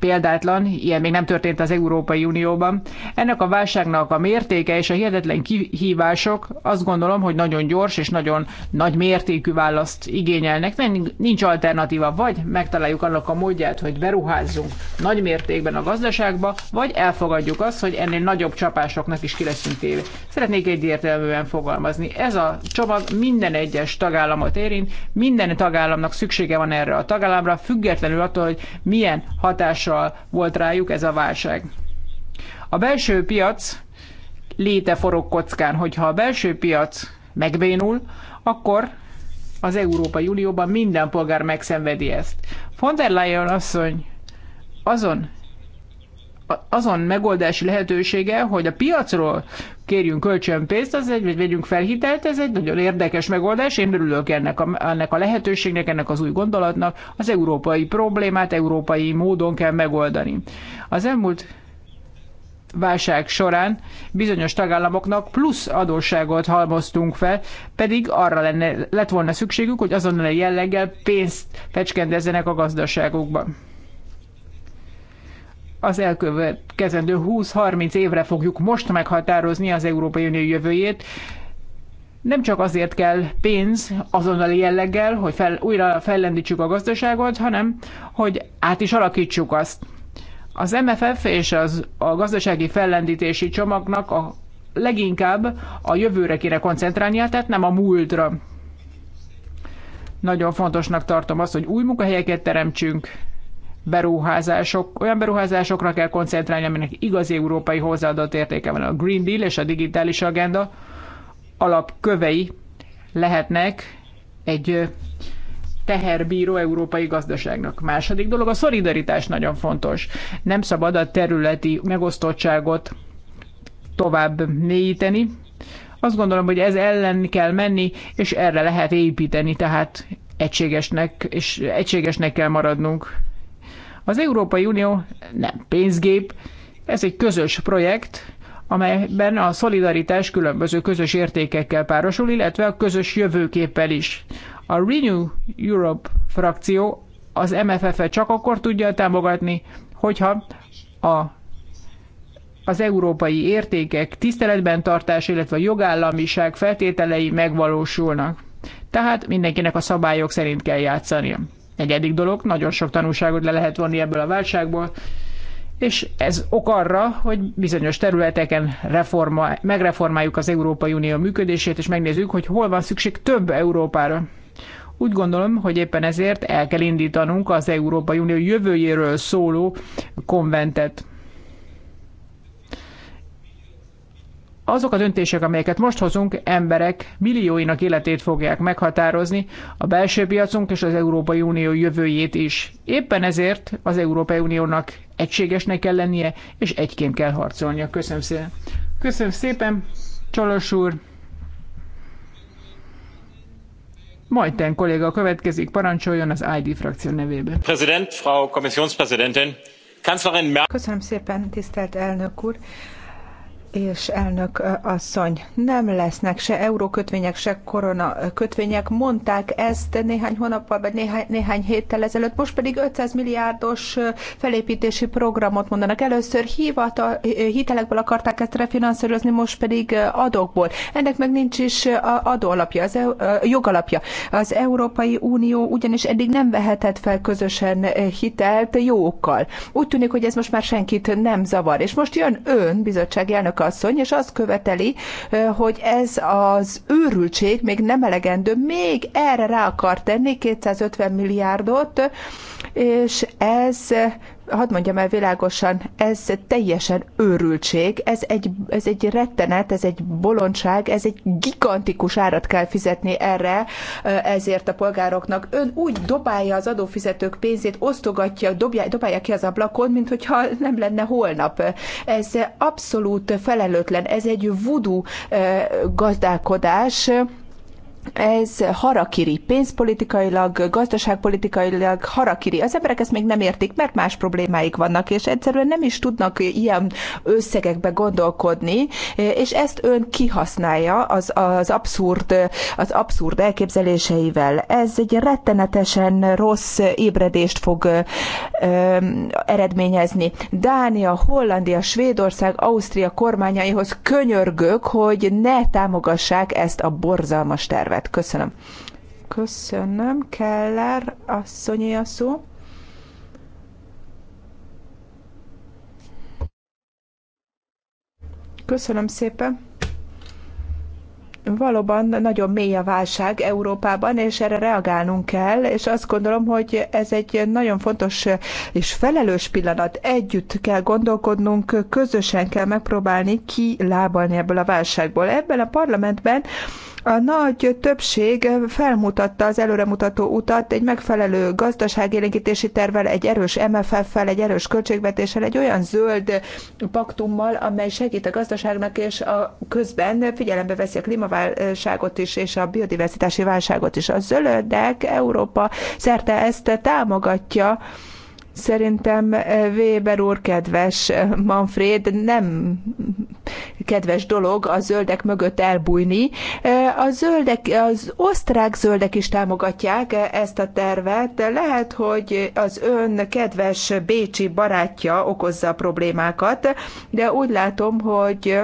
példátlan, ilyen még nem történt az Európai Unióban. Ennek a válságnak a mértéke és a hihetetlen kihívások azt gondolom, hogy nagyon gyors és nagyon nagy mértékű választ igényelnek. Nem, nincs alternatíva, vagy megtaláljuk annak a módját, hogy beruházzunk nagy mértékben a gazdaságba, vagy elfogadjuk azt, hogy ennél nagyobb csapásoknak is ki leszünk téve. Szeretnék egyértelműen fogalmazni. Ez a csomag minden egyes tagállamot érint, minden tagállamnak szüksége van erre a tagállamra, függetlenül attól, hogy milyen hatással volt rájuk ez a válság. A belső piac léte forog kockán, hogyha a belső piac megbénul, akkor az Európai Unióban minden polgár megszenvedi ezt. Von der Leyen asszony azon azon megoldási lehetősége, hogy a piacról kérjünk kölcsönpénzt, az egy, vagy vegyünk fel hitelt, ez egy nagyon érdekes megoldás. Én örülök ennek a, ennek a lehetőségnek, ennek az új gondolatnak. Az európai problémát európai módon kell megoldani. Az elmúlt válság során bizonyos tagállamoknak plusz adósságot halmoztunk fel, pedig arra lenne, lett volna szükségük, hogy azonnal a jelleggel pénzt fecskendezzenek a gazdaságukban az elkövetkezendő 20-30 évre fogjuk most meghatározni az Európai Unió jövőjét. Nem csak azért kell pénz azonnali jelleggel, hogy fel, újra fellendítsük a gazdaságot, hanem hogy át is alakítsuk azt. Az MFF és az, a gazdasági fellendítési csomagnak a leginkább a jövőre kéne koncentrálnia, tehát nem a múltra. Nagyon fontosnak tartom azt, hogy új munkahelyeket teremtsünk, beruházások, olyan beruházásokra kell koncentrálni, aminek igazi európai hozzáadott értéke van. A Green Deal és a digitális agenda alapkövei lehetnek egy teherbíró európai gazdaságnak. Második dolog, a szolidaritás nagyon fontos. Nem szabad a területi megosztottságot tovább mélyíteni. Azt gondolom, hogy ez ellen kell menni, és erre lehet építeni, tehát egységesnek, és egységesnek kell maradnunk. Az Európai Unió nem pénzgép, ez egy közös projekt, amelyben a szolidaritás különböző közös értékekkel párosul, illetve a közös jövőképpel is. A Renew Europe frakció az MFF-et csak akkor tudja támogatni, hogyha a, az európai értékek tiszteletben tartás, illetve a jogállamiság feltételei megvalósulnak. Tehát mindenkinek a szabályok szerint kell játszania. Negyedik dolog, nagyon sok tanulságot le lehet vonni ebből a válságból, és ez ok arra, hogy bizonyos területeken reforma, megreformáljuk az Európai Unió működését, és megnézzük, hogy hol van szükség több Európára. Úgy gondolom, hogy éppen ezért el kell indítanunk az Európai Unió jövőjéről szóló konventet. azok a döntések, amelyeket most hozunk, emberek millióinak életét fogják meghatározni, a belső piacunk és az Európai Unió jövőjét is. Éppen ezért az Európai Uniónak egységesnek kell lennie, és egyként kell harcolnia. Köszönöm szépen. Köszönöm szépen, Csolos úr. Majten kolléga következik, parancsoljon az ID frakció nevében. President, Frau Kommissionspräsidentin, Kanzlerin Merkel. Köszönöm szépen, tisztelt elnök úr és elnök asszony, nem lesznek se eurókötvények, se korona kötvények. Mondták ezt néhány hónappal, vagy néhány, néhány héttel ezelőtt, most pedig 500 milliárdos felépítési programot mondanak. Először hívata hitelekből akarták ezt refinanszírozni, most pedig adókból. Ennek meg nincs is adóalapja, az EU, jogalapja. Az Európai Unió ugyanis eddig nem vehetett fel közösen hitelt jókkal. Úgy tűnik, hogy ez most már senkit nem zavar. És most jön ön, bizottsági elnök asszony, és azt követeli, hogy ez az őrültség még nem elegendő, még erre rá akar tenni 250 milliárdot, és ez hadd mondjam el világosan, ez teljesen őrültség, ez egy, ez egy rettenet, ez egy bolondság, ez egy gigantikus árat kell fizetni erre, ezért a polgároknak. Ön úgy dobálja az adófizetők pénzét, osztogatja, dobja, dobálja ki az ablakon, mint nem lenne holnap. Ez abszolút felelőtlen, ez egy voodoo gazdálkodás, ez harakiri, pénzpolitikailag, gazdaságpolitikailag harakiri. Az emberek ezt még nem értik, mert más problémáik vannak, és egyszerűen nem is tudnak ilyen összegekbe gondolkodni, és ezt ön kihasználja az, az, abszurd, az abszurd elképzeléseivel. Ez egy rettenetesen rossz ébredést fog ö, eredményezni. Dánia, Hollandia, Svédország, Ausztria kormányaihoz könyörgök, hogy ne támogassák ezt a borzalmas tervet tervet. Köszönöm. Köszönöm. Keller asszonyi a szó. Köszönöm szépen. Valóban nagyon mély a válság Európában, és erre reagálnunk kell, és azt gondolom, hogy ez egy nagyon fontos és felelős pillanat. Együtt kell gondolkodnunk, közösen kell megpróbálni kilábalni ebből a válságból. Ebben a parlamentben a nagy többség felmutatta az előremutató utat egy megfelelő gazdaságélénkítési tervvel, egy erős MFF-fel, egy erős költségvetéssel, egy olyan zöld paktummal, amely segít a gazdaságnak, és a közben figyelembe veszi a klímaválságot is, és a biodiversitási válságot is. A zöldek Európa szerte ezt támogatja, Szerintem eh, Weber úr kedves eh, Manfred, nem kedves dolog a zöldek mögött elbújni. Eh, a zöldek, az osztrák zöldek is támogatják ezt a tervet. Lehet, hogy az ön kedves bécsi barátja okozza a problémákat, de úgy látom, hogy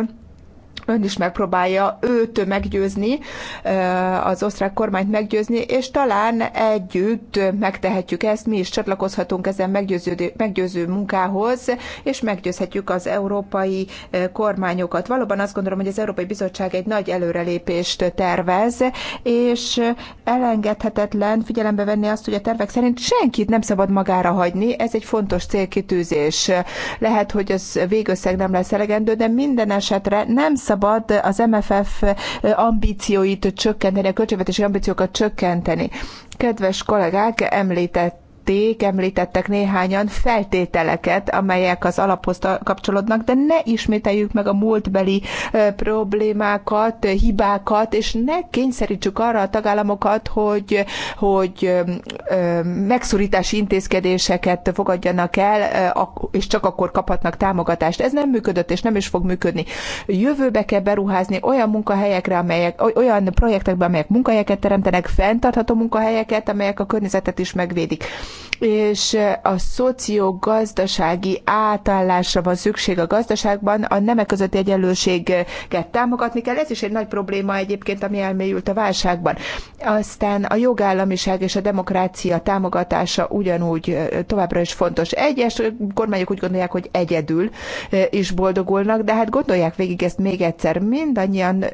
ön is megpróbálja őt meggyőzni, eh, az osztrák kormányt meggyőzni, és talán együtt megtehetjük ezt, mi is csatlakozhatunk ezen meggyőző, meggyőző munkához, és meggyőzhetjük az európai eh, kormányokat. Valóban azt gondolom, hogy az Európai Bizottság egy nagy előrelépést tervez, és elengedhetetlen figyelembe venni azt, hogy a tervek szerint senkit nem szabad magára hagyni, ez egy fontos célkitűzés. Lehet, hogy az végösszeg nem lesz elegendő, de minden esetre nem szabad szabad az MFF ambícióit csökkenteni, a költségvetési ambíciókat csökkenteni. Kedves kollégák, említett említették, említettek néhányan feltételeket, amelyek az alaphoz kapcsolódnak, de ne ismételjük meg a múltbeli problémákat, hibákat, és ne kényszerítsük arra a tagállamokat, hogy, hogy megszorítási intézkedéseket fogadjanak el, és csak akkor kaphatnak támogatást. Ez nem működött, és nem is fog működni. Jövőbe kell beruházni olyan munkahelyekre, amelyek, olyan projektekbe, amelyek munkahelyeket teremtenek, fenntartható munkahelyeket, amelyek a környezetet is megvédik és a szociogazdasági átállásra van szükség a gazdaságban, a nemek közötti egyenlőséget támogatni kell. Ez is egy nagy probléma egyébként, ami elmélyült a válságban. Aztán a jogállamiság és a demokrácia támogatása ugyanúgy továbbra is fontos. Egyes kormányok úgy gondolják, hogy egyedül is boldogulnak, de hát gondolják végig ezt még egyszer. Mindannyian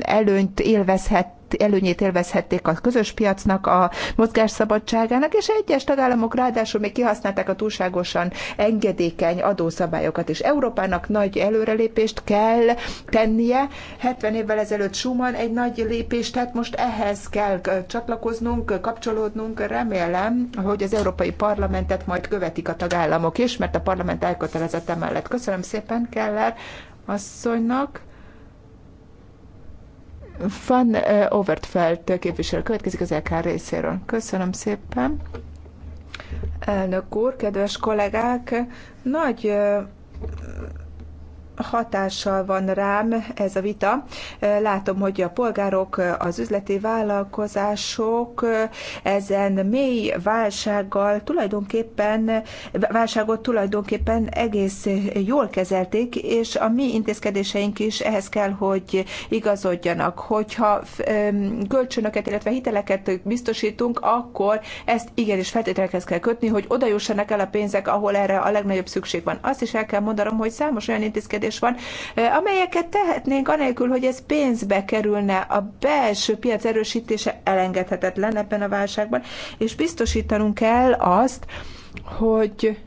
előnyt élvezhet előnyét élvezhették a közös piacnak, a mozgásszabadságának, és egyes tagállamok ráadásul még kihasználták a túlságosan engedékeny adószabályokat is. Európának nagy előrelépést kell tennie. 70 évvel ezelőtt Schumann egy nagy lépést tett, most ehhez kell csatlakoznunk, kapcsolódnunk. Remélem, hogy az Európai Parlamentet majd követik a tagállamok is, mert a parlament elkötelezett emellett. Köszönöm szépen, Keller asszonynak. Van eh, Overtfeld képviselő következik az LK részéről. Köszönöm szépen. Elnök úr, kedves kollégák, nagy eh, hatással van rám ez a vita. Látom, hogy a polgárok, az üzleti vállalkozások ezen mély válsággal tulajdonképpen, válságot tulajdonképpen egész jól kezelték, és a mi intézkedéseink is ehhez kell, hogy igazodjanak. Hogyha kölcsönöket, illetve hiteleket biztosítunk, akkor ezt igenis feltételekhez kell kötni, hogy oda jussanak el a pénzek, ahol erre a legnagyobb szükség van. Azt is el kell mondanom, hogy számos olyan intézkedés, kérdés van, amelyeket tehetnénk anélkül, hogy ez pénzbe kerülne. A belső piac erősítése elengedhetetlen ebben a válságban, és biztosítanunk kell azt, hogy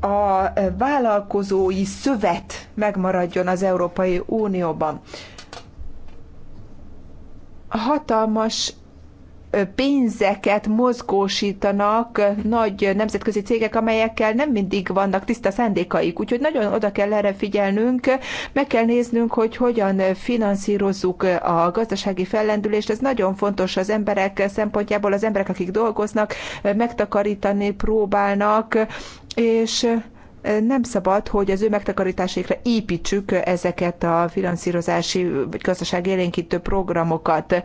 a vállalkozói szövet megmaradjon az Európai Unióban. Hatalmas pénzeket mozgósítanak nagy nemzetközi cégek, amelyekkel nem mindig vannak tiszta szándékaik. Úgyhogy nagyon oda kell erre figyelnünk, meg kell néznünk, hogy hogyan finanszírozzuk a gazdasági fellendülést. Ez nagyon fontos az emberek szempontjából, az emberek, akik dolgoznak, megtakarítani próbálnak, és nem szabad, hogy az ő megtakarításaikra építsük ezeket a finanszírozási vagy gazdaság élénkítő programokat.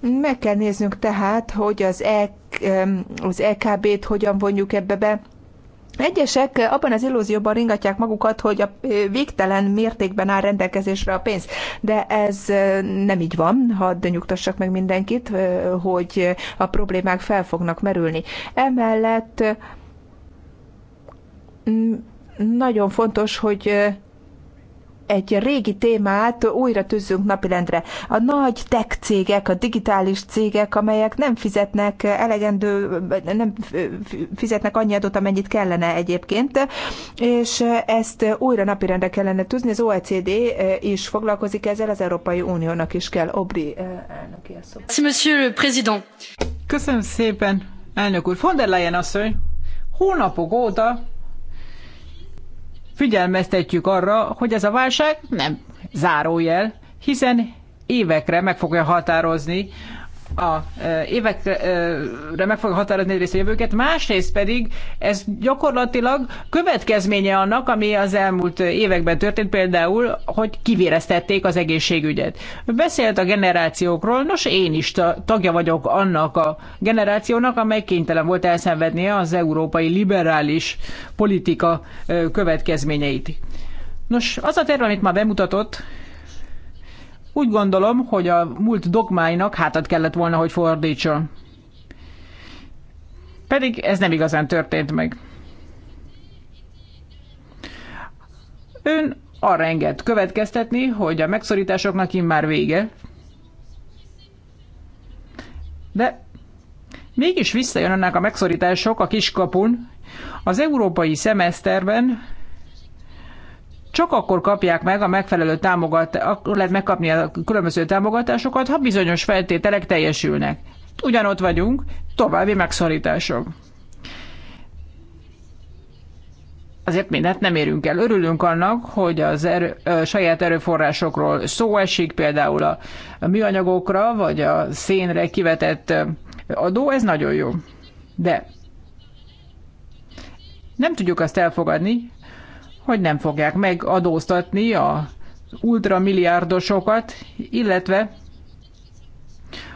Meg kell néznünk tehát, hogy az, e, az EKB-t hogyan vonjuk ebbe be, Egyesek abban az illúzióban ringatják magukat, hogy a végtelen mértékben áll rendelkezésre a pénz, de ez nem így van, hadd nyugtassak meg mindenkit, hogy a problémák fel fognak merülni. Emellett mm, nagyon fontos, hogy egy régi témát újra tűzzünk napirendre. A nagy tech cégek, a digitális cégek, amelyek nem fizetnek elegendő, nem fizetnek annyi adót, amennyit kellene egyébként, és ezt újra napirendre kellene tűzni. Az OECD is foglalkozik ezzel, az Európai Uniónak is kell. Obri eh, elnöki a szó. Monsieur le Président. Köszönöm szépen, elnök úr. Von der Leyen asszony, hónapok óta Figyelmeztetjük arra, hogy ez a válság nem zárójel, hiszen évekre meg fogja határozni a évekre meg fog határozni egyrészt a jövőket, másrészt pedig ez gyakorlatilag következménye annak, ami az elmúlt években történt, például, hogy kivéreztették az egészségügyet. Beszélt a generációkról, nos én is tagja vagyok annak a generációnak, amely kénytelen volt elszenvednie az európai liberális politika következményeit. Nos, az a terv, amit már bemutatott, úgy gondolom, hogy a múlt dogmáinak hátat kellett volna, hogy fordítsa. Pedig ez nem igazán történt meg. Ön arra enged következtetni, hogy a megszorításoknak immár vége. De mégis visszajönnek a megszorítások a kiskapun. Az európai szemeszterben csak akkor kapják meg a megfelelő támogatást, akkor lehet megkapni a különböző támogatásokat, ha bizonyos feltételek teljesülnek. Ugyanott vagyunk, további megszorítások. Azért mindent nem érünk el. Örülünk annak, hogy az erő, saját erőforrásokról szó esik, például a, a műanyagokra vagy a szénre kivetett adó, ez nagyon jó. De nem tudjuk azt elfogadni, hogy nem fogják megadóztatni a ultramilliárdosokat, illetve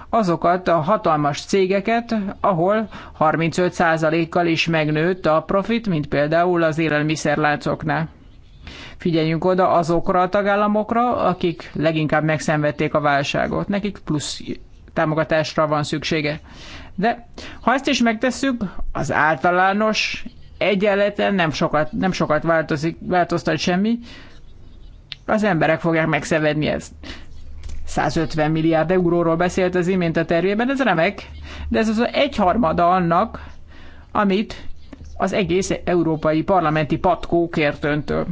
azokat a hatalmas cégeket, ahol 35%-kal is megnőtt a profit, mint például az élelmiszerláncoknál. Figyeljünk oda azokra a tagállamokra, akik leginkább megszenvedték a válságot. Nekik plusz támogatásra van szüksége. De ha ezt is megtesszük, az általános egyenleten nem sokat, nem sokat változik, változtat semmi. Az emberek fogják megszevedni ezt. 150 milliárd euróról beszélt az imént a tervében, ez remek, de ez az egyharmada annak, amit az egész európai parlamenti patkó kért öntől.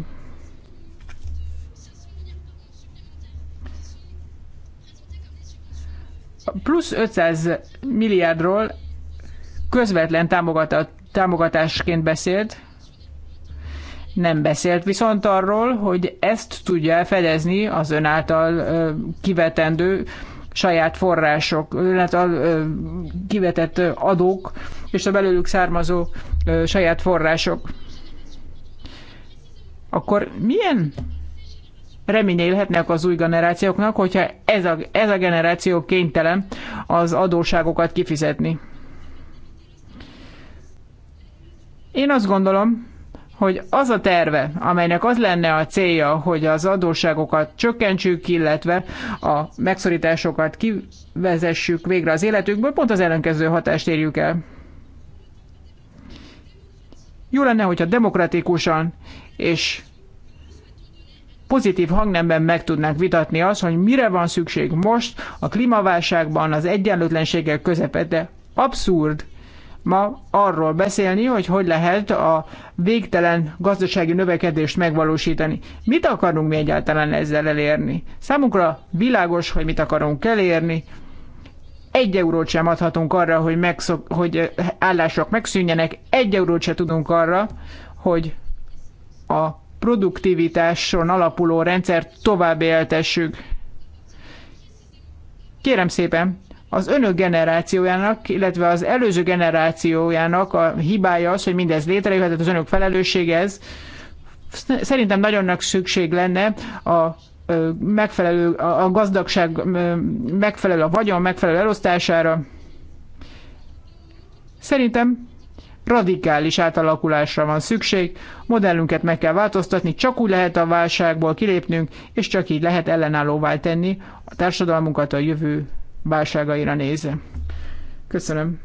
plusz 500 milliárdról közvetlen támogatott támogatásként beszélt, nem beszélt viszont arról, hogy ezt tudja fedezni az ön által kivetendő saját források, illetve kivetett adók és a belőlük származó saját források. Akkor milyen reményei lehetnek az új generációknak, hogyha ez a, ez a generáció kénytelen az adóságokat kifizetni? Én azt gondolom, hogy az a terve, amelynek az lenne a célja, hogy az adósságokat csökkentsük, illetve a megszorításokat kivezessük végre az életükből, pont az ellenkező hatást érjük el. Jó lenne, hogyha demokratikusan és pozitív hangnemben meg tudnánk vitatni azt, hogy mire van szükség most a klímaválságban, az egyenlőtlenségek közepette. Abszurd ma arról beszélni, hogy hogy lehet a végtelen gazdasági növekedést megvalósítani. Mit akarunk mi egyáltalán ezzel elérni? Számunkra világos, hogy mit akarunk elérni. Egy eurót sem adhatunk arra, hogy, megszok, hogy állások megszűnjenek, egy eurót sem tudunk arra, hogy a produktivitáson alapuló rendszert tovább éltessük. Kérem szépen, az önök generációjának, illetve az előző generációjának a hibája az, hogy mindez létrejöhetett, az önök felelősség ez. Szerintem nagyon nagy szükség lenne a megfelelő, a gazdagság megfelelő, a vagyon megfelelő elosztására. Szerintem radikális átalakulásra van szükség, modellünket meg kell változtatni, csak úgy lehet a válságból kilépnünk, és csak így lehet ellenállóvá tenni a társadalmunkat a jövő válságaira nézve. Köszönöm.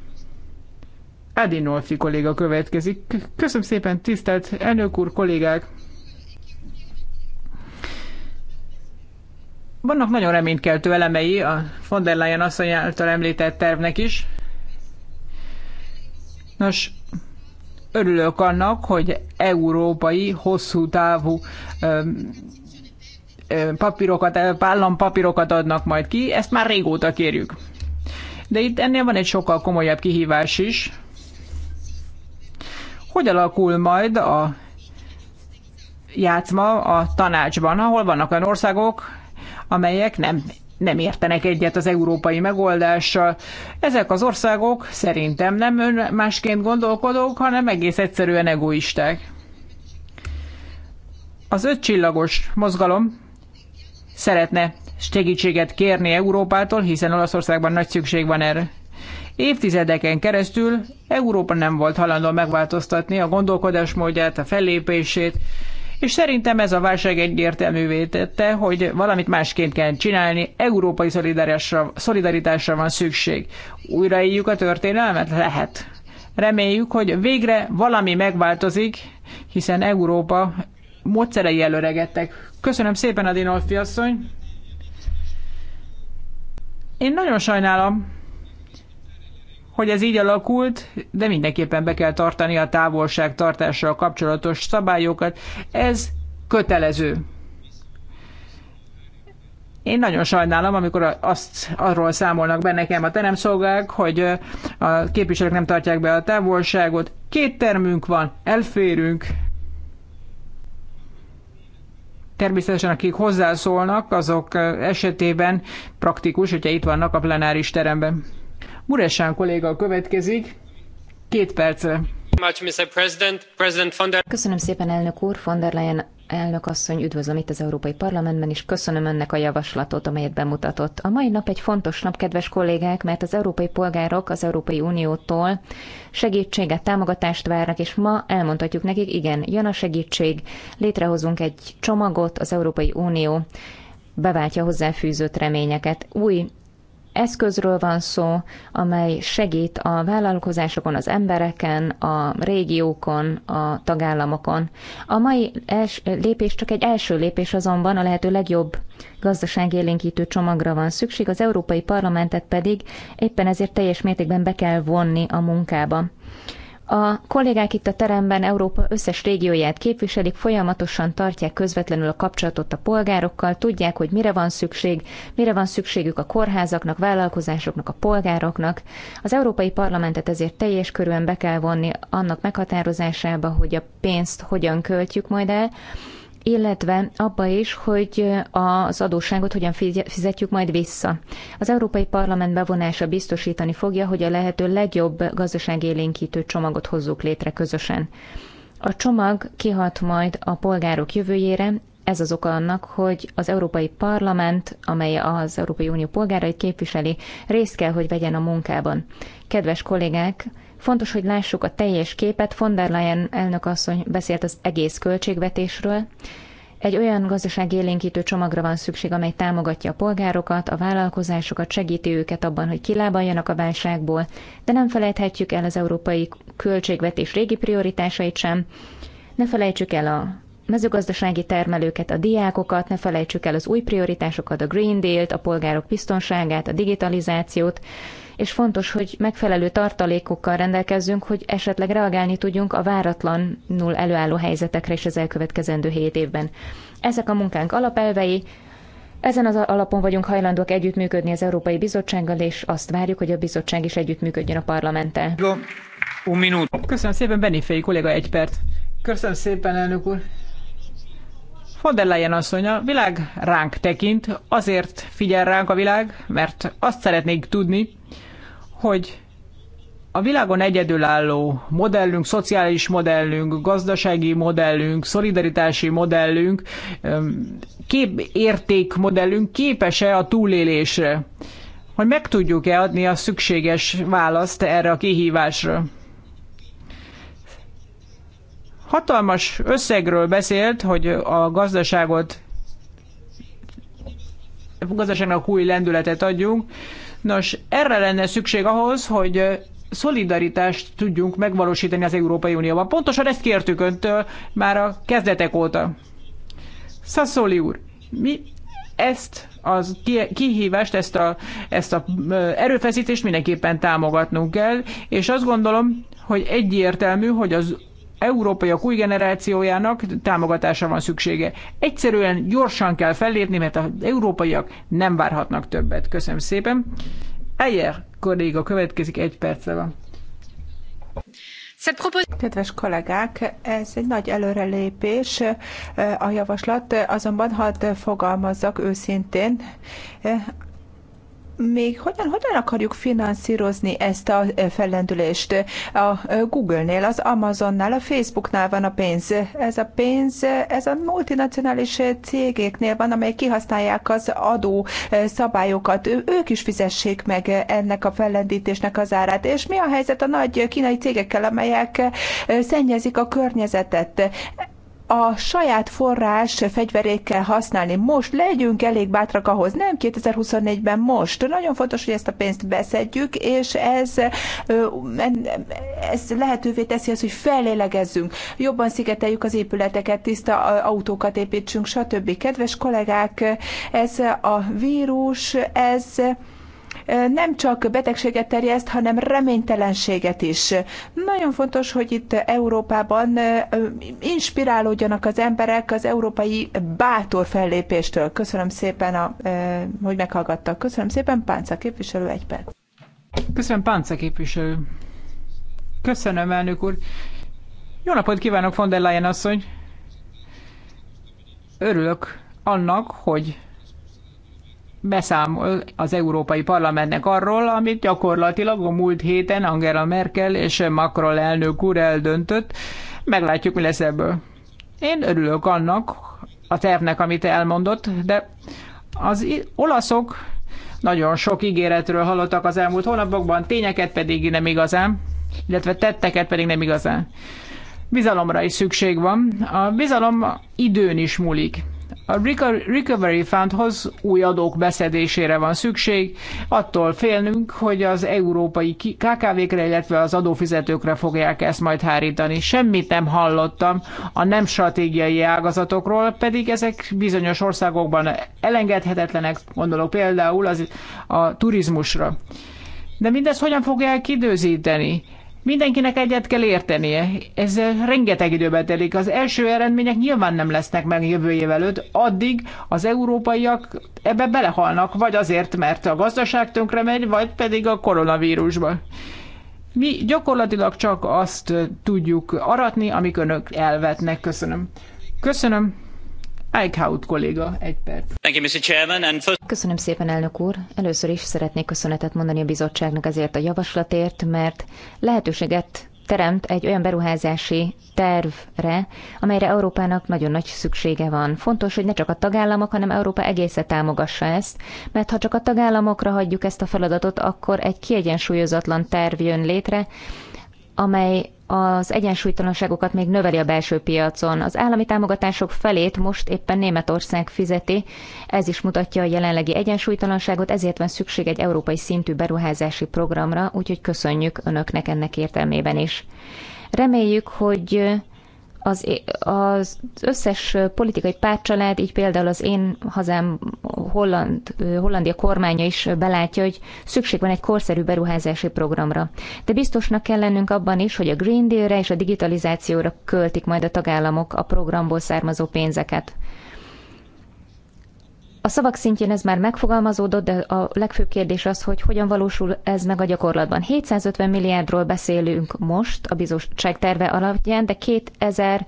Adinolfi kolléga következik. Köszönöm szépen, tisztelt elnök úr, kollégák! Vannak nagyon reménykeltő elemei a von der Leyen asszony által említett tervnek is. Nos, örülök annak, hogy európai, hosszú távú papírokat, állampapírokat adnak majd ki, ezt már régóta kérjük. De itt ennél van egy sokkal komolyabb kihívás is. Hogy alakul majd a játszma a tanácsban, ahol vannak olyan országok, amelyek nem nem értenek egyet az európai megoldással. Ezek az országok szerintem nem ön másként gondolkodók, hanem egész egyszerűen egoisták. Az ötcsillagos mozgalom szeretne segítséget kérni Európától, hiszen Olaszországban nagy szükség van erre. Évtizedeken keresztül Európa nem volt halandó megváltoztatni a gondolkodásmódját, a fellépését, és szerintem ez a válság egyértelművé tette, hogy valamit másként kell csinálni, európai szolidaritásra, szolidaritásra van szükség. Újraéljük a történelmet? Lehet. Reméljük, hogy végre valami megváltozik, hiszen Európa módszerei előregettek. Köszönöm szépen, Adinolfi asszony. Én nagyon sajnálom, hogy ez így alakult, de mindenképpen be kell tartani a távolságtartással kapcsolatos szabályokat. Ez kötelező. Én nagyon sajnálom, amikor azt arról számolnak be nekem a teremszolgák, hogy a képviselők nem tartják be a távolságot. Két termünk van, elférünk. Természetesen akik hozzászólnak, azok esetében praktikus, hogyha itt vannak a plenáris teremben. Muresán kolléga következik, két percre. Köszönöm szépen, elnök úr, von der Leyen Elnök asszony, üdvözlöm itt az Európai Parlamentben, és köszönöm önnek a javaslatot, amelyet bemutatott. A mai nap egy fontos nap, kedves kollégák, mert az európai polgárok az Európai Uniótól segítséget, támogatást várnak, és ma elmondhatjuk nekik, igen, jön a segítség, létrehozunk egy csomagot, az Európai Unió beváltja hozzáfűzött reményeket. Új eszközről van szó, amely segít a vállalkozásokon, az embereken, a régiókon, a tagállamokon. A mai els, lépés csak egy első lépés azonban a lehető legjobb gazdaságélénkítő csomagra van szükség, az Európai Parlamentet pedig éppen ezért teljes mértékben be kell vonni a munkába. A kollégák itt a teremben Európa összes régióját képviselik, folyamatosan tartják közvetlenül a kapcsolatot a polgárokkal, tudják, hogy mire van szükség, mire van szükségük a kórházaknak, vállalkozásoknak, a polgároknak. Az Európai Parlamentet ezért teljes körülön be kell vonni annak meghatározásába, hogy a pénzt hogyan költjük majd el, illetve abba is, hogy az adósságot hogyan fizetjük majd vissza. Az Európai Parlament bevonása biztosítani fogja, hogy a lehető legjobb gazdaságélénkítő csomagot hozzuk létre közösen. A csomag kihat majd a polgárok jövőjére, ez az oka annak, hogy az Európai Parlament, amely az Európai Unió polgárait képviseli, részt kell, hogy vegyen a munkában. Kedves kollégák, Fontos, hogy lássuk a teljes képet. Von der Leyen elnökasszony beszélt az egész költségvetésről. Egy olyan gazdaságélénkítő csomagra van szükség, amely támogatja a polgárokat, a vállalkozásokat, segíti őket abban, hogy kilábaljanak a válságból, de nem felejthetjük el az európai költségvetés régi prioritásait sem. Ne felejtsük el a mezőgazdasági termelőket, a diákokat, ne felejtsük el az új prioritásokat, a Green Deal-t, a polgárok biztonságát, a digitalizációt, és fontos, hogy megfelelő tartalékokkal rendelkezzünk, hogy esetleg reagálni tudjunk a váratlanul előálló helyzetekre is az elkövetkezendő 7 évben. Ezek a munkánk alapelvei, ezen az alapon vagyunk hajlandók együttműködni az Európai Bizottsággal, és azt várjuk, hogy a bizottság is együttműködjön a parlamenttel. Köszönöm szépen, Benifei kolléga, egy perc. Köszönöm szépen, elnök úr. Von der Leyen asszony, a világ ránk tekint, azért figyel ránk a világ, mert azt szeretnék tudni, hogy a világon egyedülálló modellünk, szociális modellünk, gazdasági modellünk, szolidaritási modellünk, kép érték modellünk képes-e a túlélésre? Hogy meg tudjuk-e adni a szükséges választ erre a kihívásra? Hatalmas összegről beszélt, hogy a gazdaságot a gazdaságnak új lendületet adjunk Nos, erre lenne szükség ahhoz, hogy szolidaritást tudjunk megvalósítani az Európai Unióban. Pontosan ezt kértük öntől már a kezdetek óta. Szaszoli úr, mi ezt az kihívást, ezt a, ezt a erőfeszítést mindenképpen támogatnunk kell, és azt gondolom, hogy egyértelmű, hogy az európaiak új generációjának támogatása van szüksége. Egyszerűen gyorsan kell fellépni, mert az európaiak nem várhatnak többet. Köszönöm szépen. Eyer kolléga következik egy perccel van. Kedves kollégák, ez egy nagy előrelépés eh, a javaslat, azonban hadd fogalmazzak őszintén még hogyan, hogyan akarjuk finanszírozni ezt a e, fellendülést? A e, Google-nél, az Amazonnál, a Facebooknál van a pénz. Ez a pénz, ez a multinacionális cégéknél van, amelyek kihasználják az adó e, szabályokat. Ők is fizessék meg ennek a fellendítésnek az árát. És mi a helyzet a nagy kínai cégekkel, amelyek szennyezik a környezetet? a saját forrás fegyverékkel használni. Most legyünk elég bátrak ahhoz, nem 2024-ben, most. Nagyon fontos, hogy ezt a pénzt beszedjük, és ez, ez lehetővé teszi azt, hogy felélegezzünk, jobban szigeteljük az épületeket, tiszta autókat építsünk, stb. Kedves kollégák, ez a vírus, ez nem csak betegséget terjeszt, hanem reménytelenséget is. Nagyon fontos, hogy itt Európában inspirálódjanak az emberek az európai bátor fellépéstől. Köszönöm szépen, a, hogy meghallgattak. Köszönöm szépen, Pánca képviselő, egy perc. Köszönöm, Pánca képviselő. Köszönöm, elnök úr. Jó napot kívánok, von der Leyen asszony. Örülök annak, hogy beszámol az Európai Parlamentnek arról, amit gyakorlatilag a múlt héten Angela Merkel és Macron elnök úr eldöntött. Meglátjuk, mi lesz ebből. Én örülök annak a tervnek, amit elmondott, de az olaszok nagyon sok ígéretről hallottak az elmúlt hónapokban, tényeket pedig nem igazán, illetve tetteket pedig nem igazán. Bizalomra is szükség van. A bizalom időn is múlik. A Recovery Fundhoz új adók beszedésére van szükség, attól félnünk, hogy az európai KKV-kre, illetve az adófizetőkre fogják ezt majd hárítani. Semmit nem hallottam a nem stratégiai ágazatokról, pedig ezek bizonyos országokban elengedhetetlenek, gondolok például az, a turizmusra. De mindezt hogyan fogják időzíteni? Mindenkinek egyet kell értenie. Ez rengeteg időbe telik. Az első eredmények nyilván nem lesznek meg jövő év előtt. Addig az európaiak ebbe belehalnak, vagy azért, mert a gazdaság tönkre megy, vagy pedig a koronavírusba. Mi gyakorlatilag csak azt tudjuk aratni, amik önök elvetnek. Köszönöm. Köszönöm. Eichhout kolléga, egy perc. Köszönöm szépen, elnök úr. Először is szeretnék köszönetet mondani a bizottságnak ezért a javaslatért, mert lehetőséget teremt egy olyan beruházási tervre, amelyre Európának nagyon nagy szüksége van. Fontos, hogy ne csak a tagállamok, hanem Európa egésze támogassa ezt, mert ha csak a tagállamokra hagyjuk ezt a feladatot, akkor egy kiegyensúlyozatlan terv jön létre, amely az egyensúlytalanságokat még növeli a belső piacon. Az állami támogatások felét most éppen Németország fizeti, ez is mutatja a jelenlegi egyensúlytalanságot, ezért van szükség egy európai szintű beruházási programra, úgyhogy köszönjük Önöknek ennek értelmében is. Reméljük, hogy az, az összes politikai pártcsalád, így például az én hazám Holland, Hollandia kormánya is belátja, hogy szükség van egy korszerű beruházási programra. De biztosnak kell lennünk abban is, hogy a Green Deal-re és a digitalizációra költik majd a tagállamok a programból származó pénzeket. A szavak szintjén ez már megfogalmazódott, de a legfőbb kérdés az, hogy hogyan valósul ez meg a gyakorlatban. 750 milliárdról beszélünk most a bizottság terve alapján, de 2000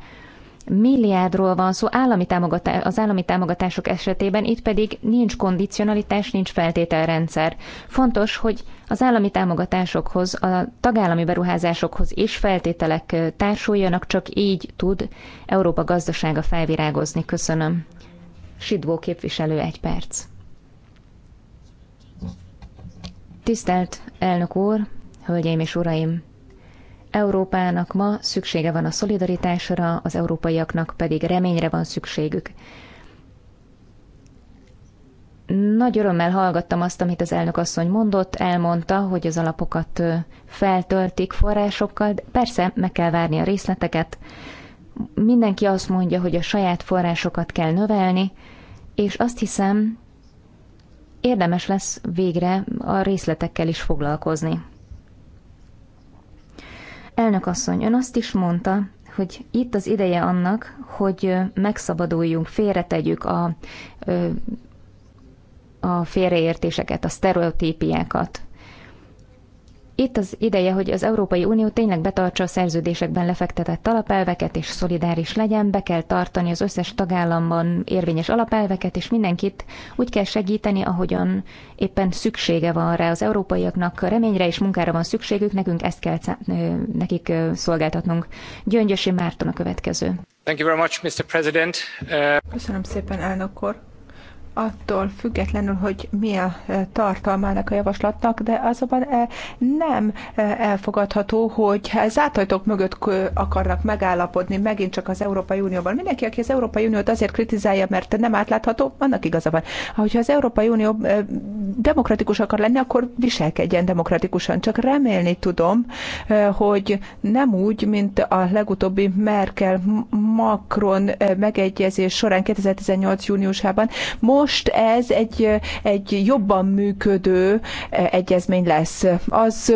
milliárdról van szó állami támogatás, az állami támogatások esetében, itt pedig nincs kondicionalitás, nincs feltételrendszer. Fontos, hogy az állami támogatásokhoz, a tagállami beruházásokhoz is feltételek társuljanak, csak így tud Európa gazdasága felvirágozni. Köszönöm. Sidvó képviselő egy perc. Tisztelt elnök úr, hölgyeim és uraim! Európának ma szüksége van a szolidaritásra, az európaiaknak pedig reményre van szükségük. Nagy örömmel hallgattam azt, amit az elnök asszony mondott, elmondta, hogy az alapokat feltöltik forrásokkal, de persze meg kell várni a részleteket, mindenki azt mondja, hogy a saját forrásokat kell növelni, és azt hiszem, érdemes lesz végre a részletekkel is foglalkozni. Elnök asszony, ön azt is mondta, hogy itt az ideje annak, hogy megszabaduljunk, félretegyük a, a félreértéseket, a sztereotípiákat. Itt az ideje, hogy az Európai Unió tényleg betartsa a szerződésekben lefektetett alapelveket, és szolidáris legyen, be kell tartani az összes tagállamban érvényes alapelveket, és mindenkit úgy kell segíteni, ahogyan éppen szüksége van rá az európaiaknak, reményre és munkára van szükségük, nekünk ezt kell nekik szolgáltatnunk. Gyöngyösi Márton a következő. Thank you very much, Mr. President. Uh... Köszönöm szépen, elnök úr attól függetlenül, hogy mi a eh, tartalmának a javaslatnak, de azonban eh, nem eh, elfogadható, hogy zárt ajtók mögött akarnak megállapodni megint csak az Európai Unióban. Mindenki, aki az Európai Uniót azért kritizálja, mert nem átlátható, annak igaza van. Ha az Európai Unió demokratikus akar lenni, akkor viselkedjen demokratikusan. Csak remélni tudom, hogy nem úgy, mint a legutóbbi Merkel-Macron megegyezés során 2018. júniusában, most most ez egy, egy jobban működő e, egyezmény lesz. Az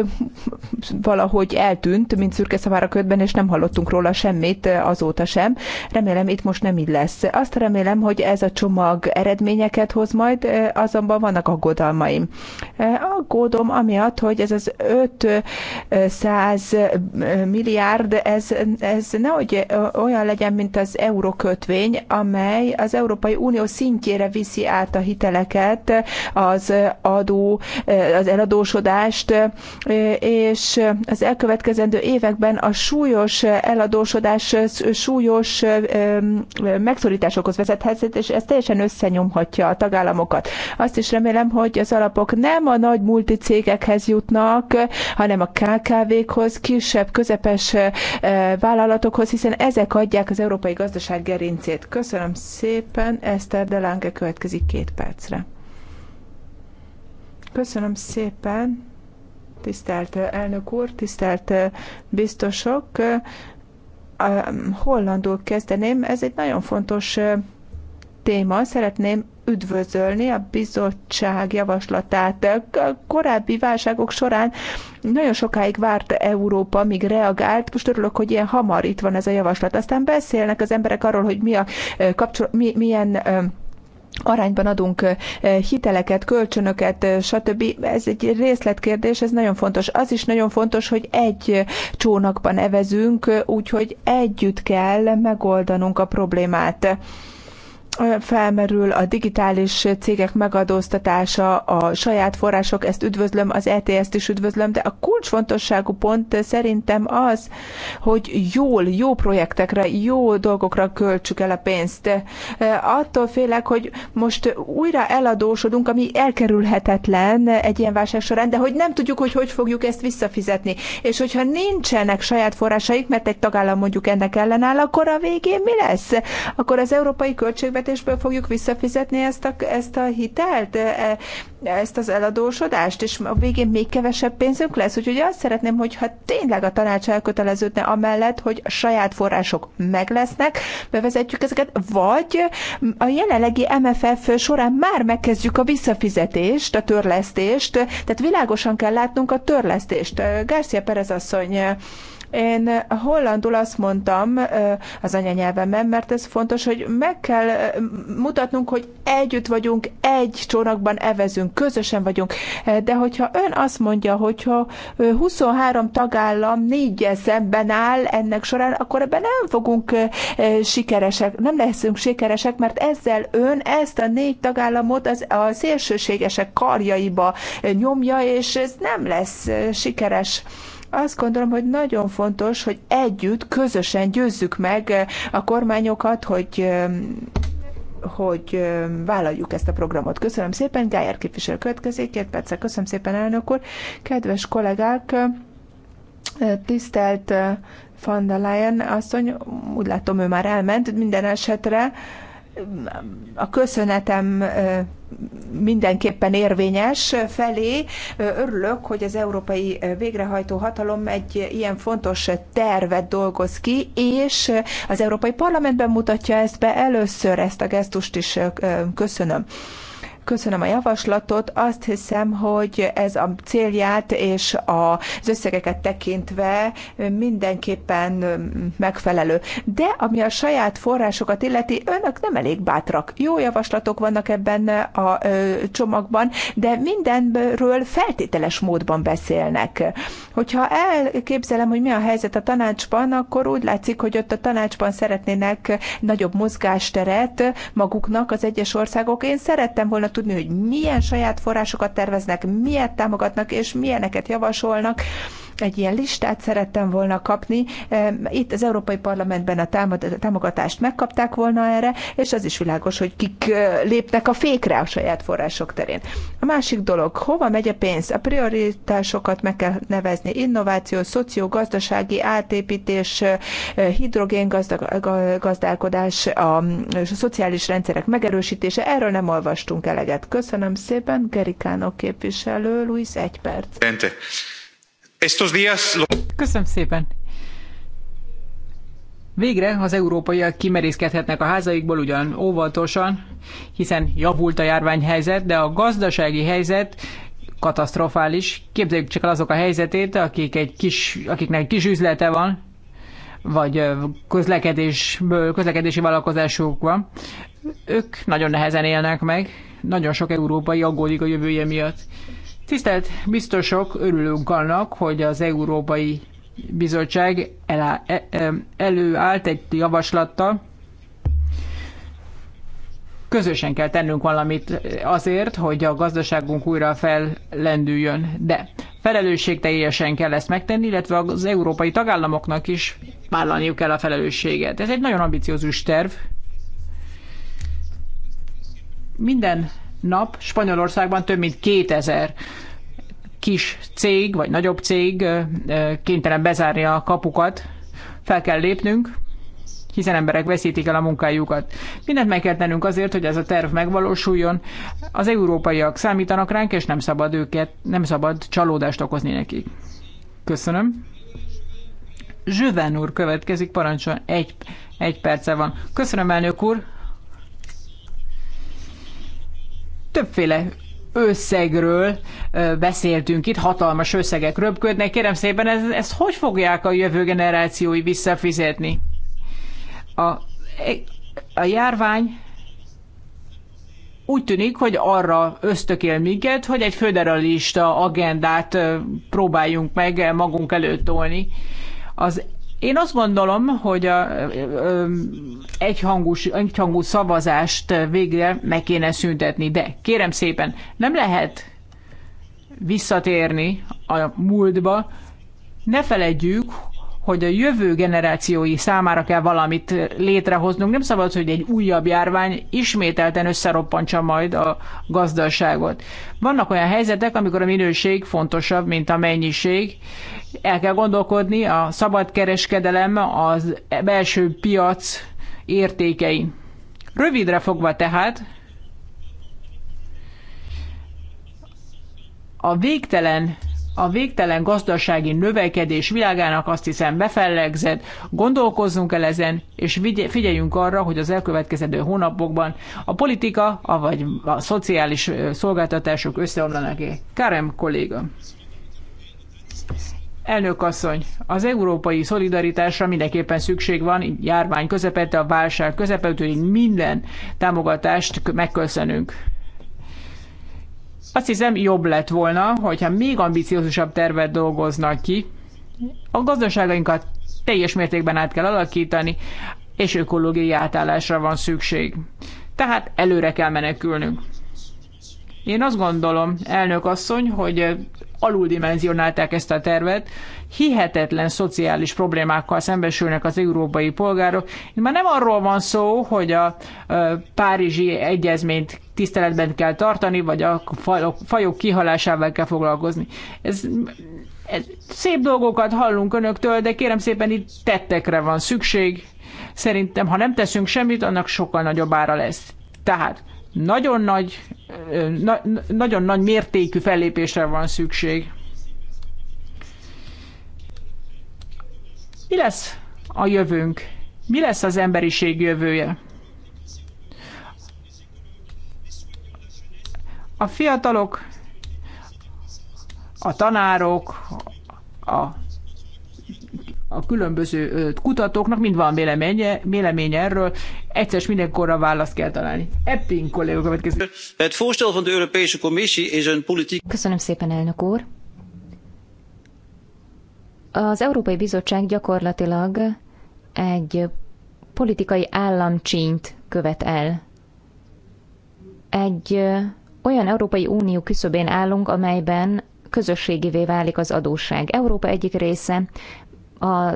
valahogy eltűnt, mint szürke szavára ködben, és nem hallottunk róla semmit e, azóta sem. Remélem itt most nem így lesz. Azt remélem, hogy ez a csomag eredményeket hoz majd, e, azonban vannak aggodalmaim. Aggódom amiatt, hogy ez az 500 milliárd, ez, ez nehogy olyan legyen, mint az eurókötvény, amely az Európai Unió szintjére viszi veszi át a hiteleket, az adó, az eladósodást, és az elkövetkezendő években a súlyos eladósodás súlyos megszorításokhoz vezethet, és ez teljesen összenyomhatja a tagállamokat. Azt is remélem, hogy az alapok nem a nagy multicégekhez jutnak, hanem a KKV-khoz, kisebb, közepes eh, vállalatokhoz, hiszen ezek adják az európai gazdaság gerincét. Köszönöm szépen, Eszter Delánke következő következik két percre. Köszönöm szépen, tisztelt eh, elnök úr, tisztelt eh, biztosok. Eh, hollandul kezdeném, ez egy nagyon fontos téma. Szeretném üdvözölni a bizottság javaslatát. A korábbi válságok során nagyon sokáig várt Európa, míg reagált. Most örülök, hogy ilyen hamar itt van ez a javaslat. Aztán beszélnek az emberek arról, hogy mi a kapcsol- mi, milyen arányban adunk hiteleket, kölcsönöket, stb. Ez egy részletkérdés, ez nagyon fontos. Az is nagyon fontos, hogy egy csónakban evezünk, úgyhogy együtt kell megoldanunk a problémát felmerül a digitális cégek megadóztatása, a saját források, ezt üdvözlöm, az ETS-t is üdvözlöm, de a kulcsfontosságú pont szerintem az, hogy jól, jó projektekre, jó dolgokra költsük el a pénzt. E, attól félek, hogy most újra eladósodunk, ami elkerülhetetlen egy ilyen válság során, de hogy nem tudjuk, hogy hogy fogjuk ezt visszafizetni. És hogyha nincsenek saját forrásaik, mert egy tagállam mondjuk ennek ellenáll, akkor a végén mi lesz? Akkor az európai költségvetés költségvetésből fogjuk visszafizetni ezt a, ezt a hitelt, e, e, ezt az eladósodást, és a végén még kevesebb pénzünk lesz. Úgyhogy azt szeretném, hogyha tényleg a tanács elköteleződne amellett, hogy a saját források meg lesznek, bevezetjük ezeket, vagy a jelenlegi MFF során már megkezdjük a visszafizetést, a törlesztést, tehát világosan kell látnunk a törlesztést. Garcia Perez asszony én hollandul azt mondtam az anyanyelvemen, mert ez fontos, hogy meg kell mutatnunk, hogy együtt vagyunk, egy csónakban evezünk, közösen vagyunk. De hogyha ön azt mondja, hogyha 23 tagállam négyel szemben áll ennek során, akkor ebben nem fogunk sikeresek, nem leszünk sikeresek, mert ezzel ön ezt a négy tagállamot az, a szélsőségesek karjaiba nyomja, és ez nem lesz sikeres. Azt gondolom, hogy nagyon fontos, hogy együtt, közösen győzzük meg eh, a kormányokat, hogy hogy vállaljuk ezt a programot. Köszönöm szépen, Gájer képviselő következik, két perce, Köszönöm szépen, elnök úr. Kedves kollégák, eh, tisztelt eh, van der Leyen asszony, úgy látom, ő már elment, minden esetre a köszönetem mindenképpen érvényes felé. Örülök, hogy az európai végrehajtó hatalom egy ilyen fontos tervet dolgoz ki, és az Európai Parlamentben mutatja ezt be először, ezt a gesztust is köszönöm. Köszönöm a javaslatot. Azt hiszem, hogy ez a célját és az összegeket tekintve mindenképpen megfelelő. De ami a saját forrásokat illeti, önök nem elég bátrak. Jó javaslatok vannak ebben a csomagban, de mindenről feltételes módban beszélnek. Hogyha elképzelem, hogy mi a helyzet a tanácsban, akkor úgy látszik, hogy ott a tanácsban szeretnének nagyobb mozgásteret maguknak az egyes országok. Én szerettem volna tudni, hogy milyen saját forrásokat terveznek, miért támogatnak és milyeneket javasolnak egy ilyen listát szerettem volna kapni. Itt az Európai Parlamentben a támogatást megkapták volna erre, és az is világos, hogy kik lépnek a fékre a saját források terén. A másik dolog, hova megy a pénz? A prioritásokat meg kell nevezni. Innováció, szociogazdasági átépítés, hidrogéngazdálkodás, a szociális rendszerek megerősítése. Erről nem olvastunk eleget. Köszönöm szépen, Gerikánok képviselő, Luis, egy perc. Bente. Estos días... Köszönöm szépen. Végre az európaiak kimerészkedhetnek a házaikból ugyan óvatosan, hiszen javult a járványhelyzet, de a gazdasági helyzet katasztrofális. Képzeljük csak el azok a helyzetét, akik egy kis, akiknek egy kis üzlete van, vagy közlekedésből, közlekedési vállalkozásuk van. Ők nagyon nehezen élnek meg, nagyon sok európai aggódik a jövője miatt. Tisztelt biztosok, örülünk annak, hogy az Európai Bizottság elá, e- e- előállt egy javaslattal, közösen kell tennünk valamit azért, hogy a gazdaságunk újra fellendüljön. De felelősségteljesen kell ezt megtenni, illetve az európai tagállamoknak is vállalniuk kell a felelősséget. Ez egy nagyon ambiciózus terv. Minden nap. Spanyolországban több mint 2000 kis cég, vagy nagyobb cég kénytelen bezárni a kapukat. Fel kell lépnünk, hiszen emberek veszítik el a munkájukat. Mindent meg kell tennünk azért, hogy ez a terv megvalósuljon. Az európaiak számítanak ránk, és nem szabad őket, nem szabad csalódást okozni nekik. Köszönöm. Zsüven úr következik, parancsol, egy, egy perce van. Köszönöm, elnök úr. többféle összegről beszéltünk itt, hatalmas összegek röpködnek. Kérem szépen, ez, ezt hogy fogják a jövő generációi visszafizetni? A, a járvány úgy tűnik, hogy arra ösztökél minket, hogy egy föderalista agendát próbáljunk meg magunk előtt tolni. Az én azt gondolom, hogy a, ö, egyhangú, egyhangú szavazást végre meg kéne szüntetni, de kérem szépen, nem lehet visszatérni a múltba. Ne feledjük, hogy a jövő generációi számára kell valamit létrehoznunk. Nem szabad, hogy egy újabb járvány ismételten összeroppantsa majd a gazdaságot. Vannak olyan helyzetek, amikor a minőség fontosabb, mint a mennyiség. El kell gondolkodni a szabad kereskedelem, az belső piac értékein. Rövidre fogva tehát, a végtelen a végtelen gazdasági növekedés világának azt hiszem befellegzett, gondolkozzunk el ezen, és figyeljünk arra, hogy az elkövetkezendő hónapokban a politika, vagy a szociális szolgáltatások összeomlanak-e. Kárem kolléga. Elnök asszony, az európai szolidaritásra mindenképpen szükség van, járvány közepette, a válság közepette, úgyhogy minden támogatást megköszönünk. Azt hiszem jobb lett volna, hogyha még ambiciózusabb tervet dolgoznak ki. A gazdaságainkat teljes mértékben át kell alakítani, és ökológiai átállásra van szükség. Tehát előre kell menekülnünk. Én azt gondolom, elnök asszony, hogy aluldimenzionálták ezt a tervet, hihetetlen szociális problémákkal szembesülnek az európai polgárok. Itt már nem arról van szó, hogy a párizsi egyezményt tiszteletben kell tartani, vagy a fajok kihalásával kell foglalkozni. Ez, ez, szép dolgokat hallunk önöktől, de kérem szépen itt tettekre van szükség. Szerintem, ha nem teszünk semmit, annak sokkal nagyobb ára lesz. Tehát nagyon nagy, na, nagyon nagy mértékű fellépésre van szükség. Mi lesz a jövőnk? Mi lesz az emberiség jövője? A fiatalok, a tanárok, a, a különböző kutatóknak mind van véleménye, véleménye erről, egyszer mindenkorra választ kell találni. Epping kolléga következik. Het voorstel van de Europese Commissie is een politiek... Köszönöm szépen, elnök úr. Az Európai Bizottság gyakorlatilag egy politikai államcsínyt követ el. Egy olyan Európai Unió küszöbén állunk, amelyben közösségivé válik az adósság. Európa egyik része a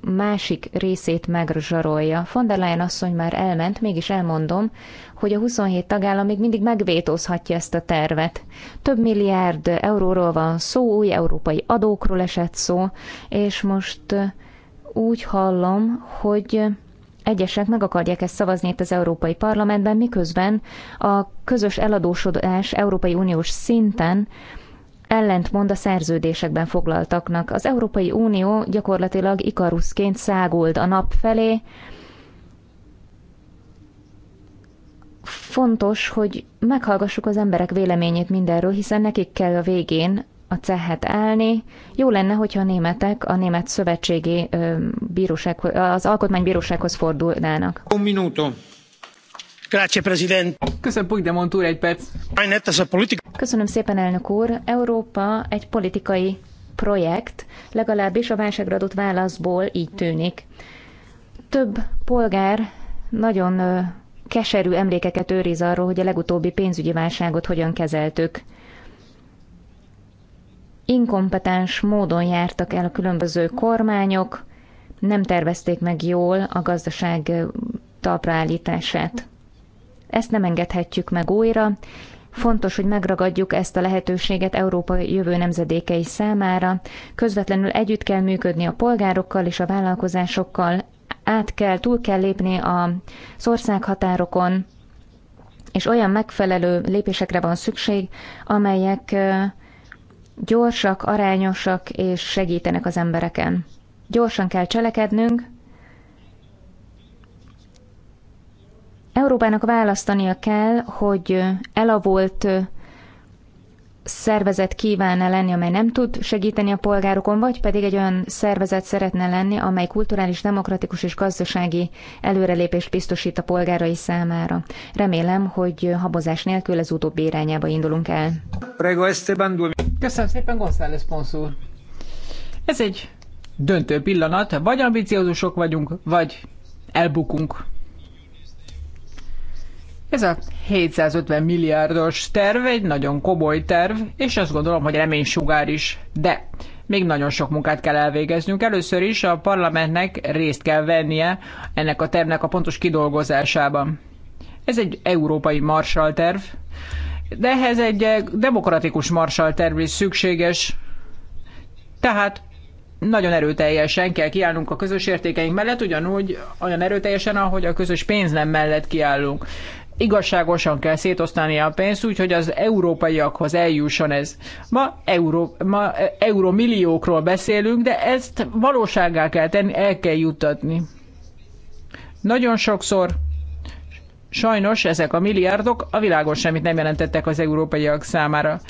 másik részét megzsarolja. Von der Leyen asszony már elment, mégis elmondom, hogy a 27 tagállam még mindig megvétózhatja ezt a tervet. Több milliárd euróról van szó, új európai adókról esett szó, és most úgy hallom, hogy egyesek meg akarják ezt szavazni itt az Európai Parlamentben, miközben a közös eladósodás Európai Uniós szinten ellentmond a szerződésekben foglaltaknak. Az Európai Unió gyakorlatilag ikaruszként száguld a nap felé. Fontos, hogy meghallgassuk az emberek véleményét mindenről, hiszen nekik kell a végén a cehet állni. Jó lenne, hogyha a németek a német szövetségi bíróság, az alkotmánybírósághoz fordulnának. Un minuto. Grazie, president. Köszönöm, Puigdemont úr, egy perc. Köszönöm szépen, elnök úr. Európa egy politikai projekt, legalábbis a válságra adott válaszból így tűnik. Több polgár nagyon keserű emlékeket őriz arról, hogy a legutóbbi pénzügyi válságot hogyan kezeltük inkompetens módon jártak el a különböző kormányok, nem tervezték meg jól a gazdaság talpraállítását. Ezt nem engedhetjük meg újra. Fontos, hogy megragadjuk ezt a lehetőséget Európa jövő nemzedékei számára. Közvetlenül együtt kell működni a polgárokkal és a vállalkozásokkal, át kell, túl kell lépni az határokon, és olyan megfelelő lépésekre van szükség, amelyek gyorsak, arányosak és segítenek az embereken. Gyorsan kell cselekednünk. Európának választania kell, hogy elavult szervezet kívánna lenni, amely nem tud segíteni a polgárokon, vagy pedig egy olyan szervezet szeretne lenni, amely kulturális, demokratikus és gazdasági előrelépést biztosít a polgárai számára. Remélem, hogy habozás nélkül az utóbbi irányába indulunk el. Köszönöm szépen, González Ponszúr. Ez egy döntő pillanat, vagy ambiciózusok vagyunk, vagy elbukunk. Ez a 750 milliárdos terv egy nagyon komoly terv, és azt gondolom, hogy reménysugár is. De még nagyon sok munkát kell elvégeznünk. Először is a parlamentnek részt kell vennie ennek a tervnek a pontos kidolgozásában. Ez egy európai marsal terv, de ehhez egy demokratikus marsal terv is szükséges. Tehát nagyon erőteljesen kell kiállnunk a közös értékeink mellett, ugyanúgy olyan erőteljesen, ahogy a közös pénz nem mellett kiállunk igazságosan kell szétosztani a pénzt, úgyhogy az európaiakhoz eljusson ez. Ma, euró, ma euromilliókról beszélünk, de ezt valóságá kell tenni, el kell juttatni. Nagyon sokszor sajnos ezek a milliárdok a világon semmit nem jelentettek az európaiak számára.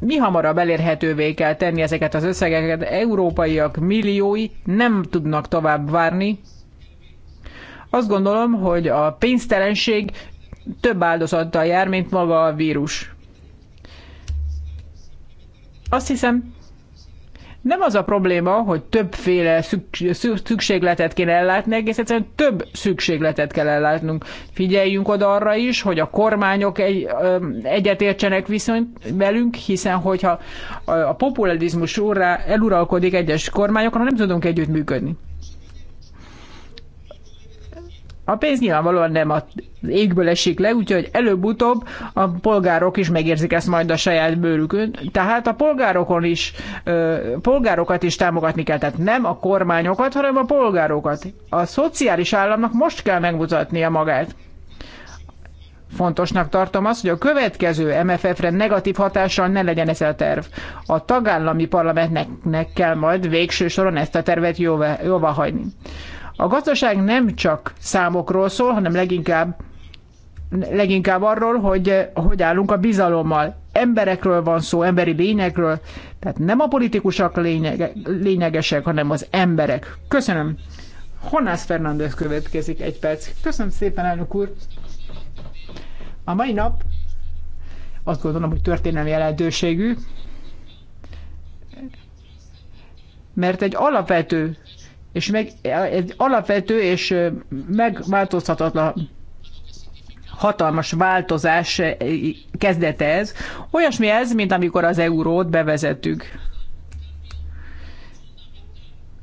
Mi hamarabb elérhetővé kell tenni ezeket az összegeket, európaiak milliói nem tudnak tovább várni, azt gondolom, hogy a pénztelenség több áldozattal jár, mint maga a vírus. Azt hiszem, nem az a probléma, hogy többféle szükségletet kéne ellátni, egész egyszerűen több szükségletet kell ellátnunk. Figyeljünk oda arra is, hogy a kormányok egy, egyetértsenek viszont velünk, hiszen hogyha a populizmus eluralkodik egyes kormányokon, nem tudunk együttműködni. A pénz nyilvánvalóan nem az égből esik le, úgyhogy előbb-utóbb a polgárok is megérzik ezt majd a saját bőrükön. Tehát a polgárokon is, polgárokat is támogatni kell, tehát nem a kormányokat, hanem a polgárokat. A szociális államnak most kell megmutatnia magát. Fontosnak tartom azt, hogy a következő MFF-re negatív hatással ne legyen ez a terv. A tagállami parlamentnek kell majd végső soron ezt a tervet jóvá, jóvá hagyni. A gazdaság nem csak számokról szól, hanem leginkább, leginkább arról, hogy hogy állunk a bizalommal. Emberekről van szó, emberi lényekről, tehát nem a politikusok lényeg, lényegesek, hanem az emberek. Köszönöm. Honász Fernández következik egy perc. Köszönöm szépen, elnök úr. A mai nap azt gondolom, hogy történelmi jelentőségű, mert egy alapvető és meg, egy alapvető és megváltozhatatlan hatalmas változás kezdete ez. Olyasmi ez, mint amikor az eurót bevezettük.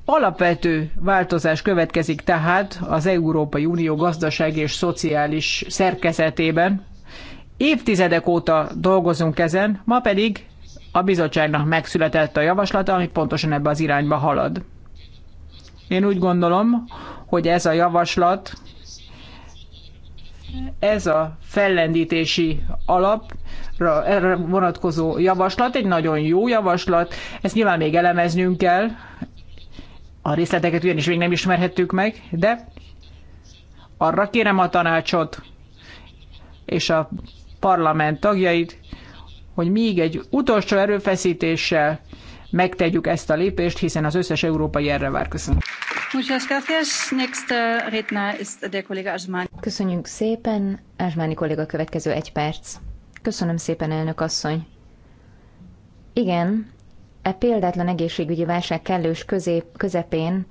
Alapvető változás következik tehát az Európai Unió gazdasági és szociális szerkezetében. Évtizedek óta dolgozunk ezen, ma pedig a bizottságnak megszületett a javaslata, ami pontosan ebbe az irányba halad. Én úgy gondolom, hogy ez a javaslat, ez a fellendítési alapra erre vonatkozó javaslat, egy nagyon jó javaslat, ezt nyilván még elemeznünk kell, a részleteket ugyanis még nem ismerhettük meg, de arra kérem a tanácsot és a parlament tagjait, hogy még egy utolsó erőfeszítéssel megtegyük ezt a lépést, hiszen az összes európai erre vár. Köszönöm. Uh, Köszönjük szépen. Ázsmáni kolléga következő egy perc. Köszönöm szépen, elnök asszony. Igen, e példátlan egészségügyi válság kellős közép, közepén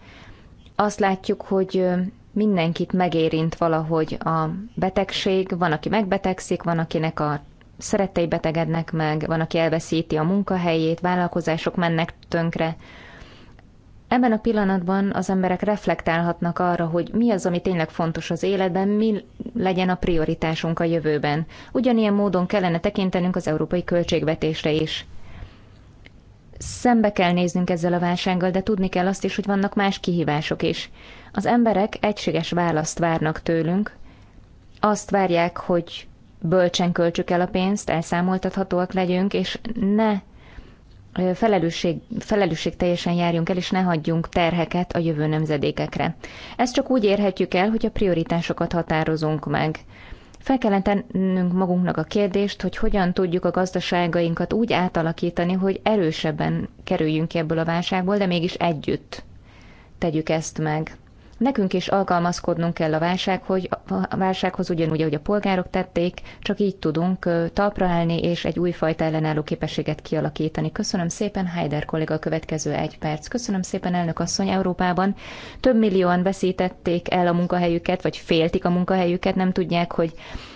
azt látjuk, hogy mindenkit megérint valahogy a betegség, van, aki megbetegszik, van, akinek a szerettei betegednek meg, van, aki elveszíti a munkahelyét, vállalkozások mennek tönkre. Ebben a pillanatban az emberek reflektálhatnak arra, hogy mi az, ami tényleg fontos az életben, mi legyen a prioritásunk a jövőben. Ugyanilyen módon kellene tekintenünk az európai költségvetésre is. Szembe kell néznünk ezzel a válsággal, de tudni kell azt is, hogy vannak más kihívások is. Az emberek egységes választ várnak tőlünk, azt várják, hogy bölcsen költsük el a pénzt, elszámoltathatóak legyünk, és ne felelősség, felelősség teljesen járjunk el, és ne hagyjunk terheket a jövő nemzedékekre. Ezt csak úgy érhetjük el, hogy a prioritásokat határozunk meg. Fel kellene tennünk magunknak a kérdést, hogy hogyan tudjuk a gazdaságainkat úgy átalakítani, hogy erősebben kerüljünk ki ebből a válságból, de mégis együtt tegyük ezt meg. Nekünk is alkalmazkodnunk kell a, válság, hogy a válsághoz, ugyanúgy, ahogy a polgárok tették, csak így tudunk talpra állni és egy újfajta ellenálló képességet kialakítani. Köszönöm szépen, Heider kolléga, a következő egy perc. Köszönöm szépen, elnök asszony, Európában több millióan veszítették el a munkahelyüket, vagy féltik a munkahelyüket, nem tudják, hogy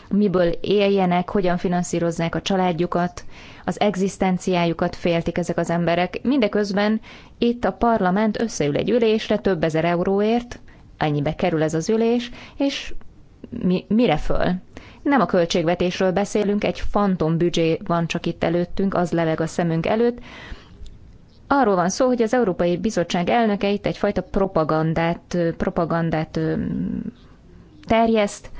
miből éljenek, hogyan finanszírozzák a családjukat, az egzisztenciájukat féltik ezek az emberek. Mindeközben itt a parlament összeül egy ülésre több ezer euróért, ennyibe kerül ez az ülés, és mi, mire föl? Nem a költségvetésről beszélünk, egy fantom büdzsé van csak itt előttünk, az leveg a szemünk előtt. Arról van szó, hogy az Európai Bizottság elnöke itt egyfajta propagandát, propagandát terjeszt,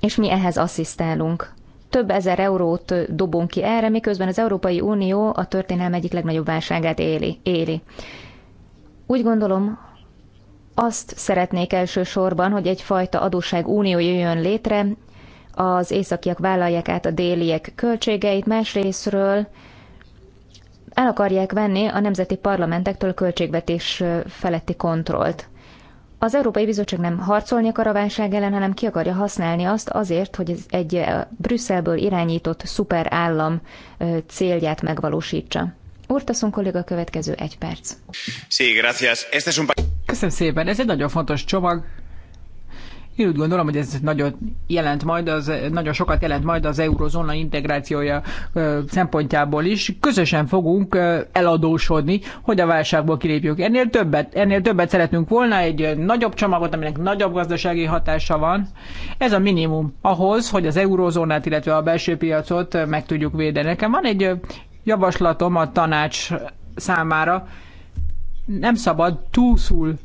és mi ehhez asszisztálunk. Több ezer eurót dobunk ki erre, miközben az Európai Unió a történelem egyik legnagyobb válságát éli. éli. Úgy gondolom, azt szeretnék elsősorban, hogy egyfajta unió jöjjön létre, az északiak vállalják át a déliek költségeit, másrésztről el akarják venni a nemzeti parlamentektől a költségvetés feletti kontrollt. Az Európai Bizottság nem harcolni akar a válság ellen, hanem ki akarja használni azt azért, hogy egy Brüsszelből irányított szuperállam célját megvalósítsa. Ortaszon kolléga következő egy perc. Sí, gracias. Este es un... Köszönöm szépen, ez egy nagyon fontos csomag. Én úgy gondolom, hogy ez nagyon jelent majd, az, nagyon sokat jelent majd az eurozóna integrációja szempontjából is. Közösen fogunk eladósodni, hogy a válságból kilépjük. Ennél többet, ennél többet szeretünk volna, egy nagyobb csomagot, aminek nagyobb gazdasági hatása van. Ez a minimum ahhoz, hogy az eurozónát, illetve a belső piacot meg tudjuk védeni. Nekem van egy javaslatom a tanács számára, nem szabad túlszul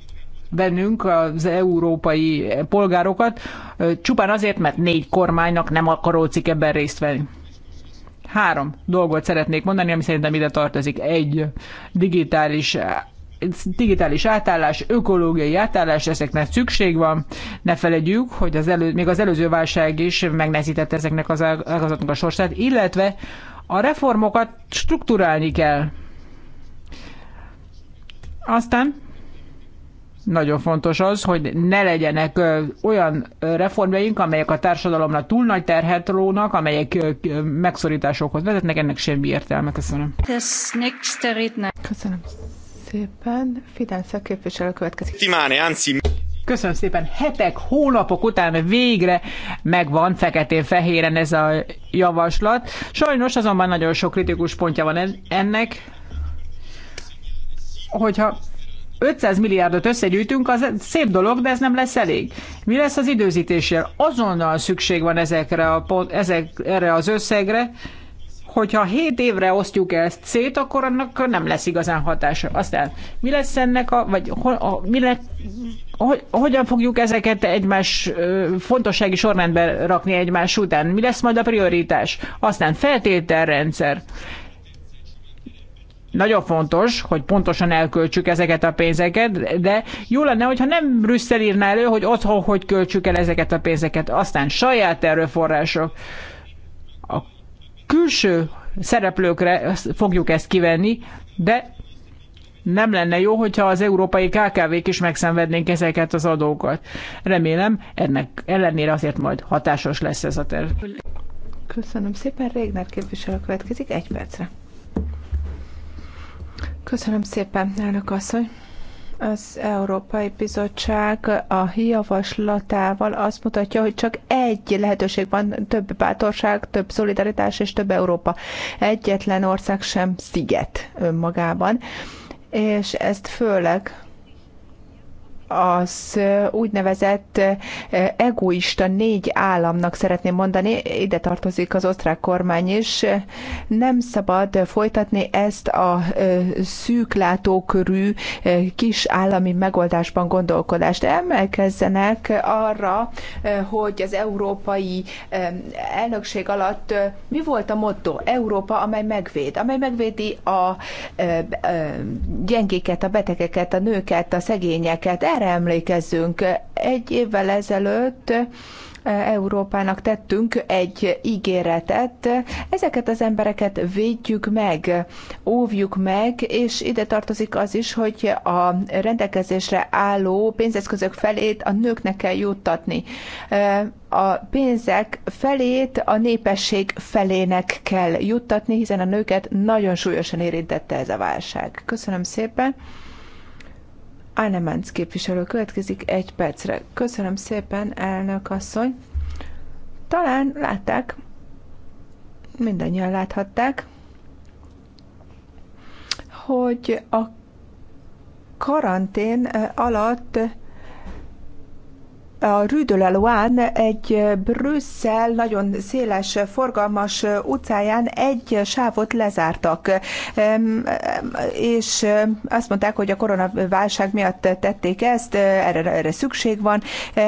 bennünk az európai polgárokat, csupán azért, mert négy kormánynak nem akarócik ebben részt venni. Három dolgot szeretnék mondani, ami szerintem ide tartozik. Egy digitális digitális átállás, ökológiai átállás, ezeknek szükség van. Ne felejtjük, hogy az elő, még az előző válság is megnehezítette ezeknek az ágazatnak a sorsát, illetve a reformokat strukturálni kell. Aztán nagyon fontos az, hogy ne legyenek olyan reformjaink, amelyek a társadalomra túl nagy terhet rónak, amelyek megszorításokhoz vezetnek, ennek semmi értelme. Köszönöm. Köszönöm szépen. Fidel képviselő következik. Köszönöm szépen, hetek, hónapok után végre megvan feketén-fehéren ez a javaslat. Sajnos azonban nagyon sok kritikus pontja van ennek, hogyha 500 milliárdot összegyűjtünk, az szép dolog, de ez nem lesz elég. Mi lesz az időzítéssel? Azonnal szükség van ezekre a, ezek, erre az összegre, hogyha 7 évre osztjuk ezt szét, akkor annak nem lesz igazán hatása. Aztán mi lesz ennek a, vagy ho, a, mi le, hogy, hogyan fogjuk ezeket egymás fontossági sorrendbe rakni egymás után? Mi lesz majd a prioritás? Aztán feltételrendszer. Nagyon fontos, hogy pontosan elköltsük ezeket a pénzeket, de jó lenne, hogyha nem Brüsszel írná elő, hogy otthon hogy költsük el ezeket a pénzeket. Aztán saját erőforrások külső szereplőkre fogjuk ezt kivenni, de nem lenne jó, hogyha az európai KKV-k is megszenvednénk ezeket az adókat. Remélem, ennek ellenére azért majd hatásos lesz ez a terv. Köszönöm szépen, Régner képviselő következik egy percre. Köszönöm szépen, elnök asszony. Az Európai Bizottság a javaslatával azt mutatja, hogy csak egy lehetőség van, több bátorság, több szolidaritás és több Európa. Egyetlen ország sem sziget önmagában, és ezt főleg az eh, úgynevezett eh, egoista négy államnak szeretném mondani, ide tartozik az osztrák kormány is, nem szabad folytatni ezt a eh, szűk látókörű kis állami megoldásban gondolkodást. Emlékezzenek arra, hogy az európai elnökség alatt mi volt a motto? Európa, amely megvéd, amely megvédi a gyengéket, a betegeket, a nőket, a szegényeket, erre emlékezzünk. Egy évvel ezelőtt eh, Európának tettünk egy ígéretet. Ezeket az embereket védjük meg, óvjuk meg, és ide tartozik az is, hogy a rendelkezésre álló pénzeszközök felét a nőknek kell juttatni. Eh, a pénzek felét a népesség felének kell juttatni, hiszen a nőket nagyon súlyosan érintette ez a válság. Köszönöm szépen! Ánemánc képviselő következik egy percre. Köszönöm szépen, elnök asszony. Talán látták, mindannyian láthatták, hogy a karantén eh, alatt a Rue de la Loire egy Brüsszel nagyon széles, forgalmas utcáján egy sávot lezártak, és azt mondták, hogy a koronaválság miatt tették ezt, erre, erre szükség van. E,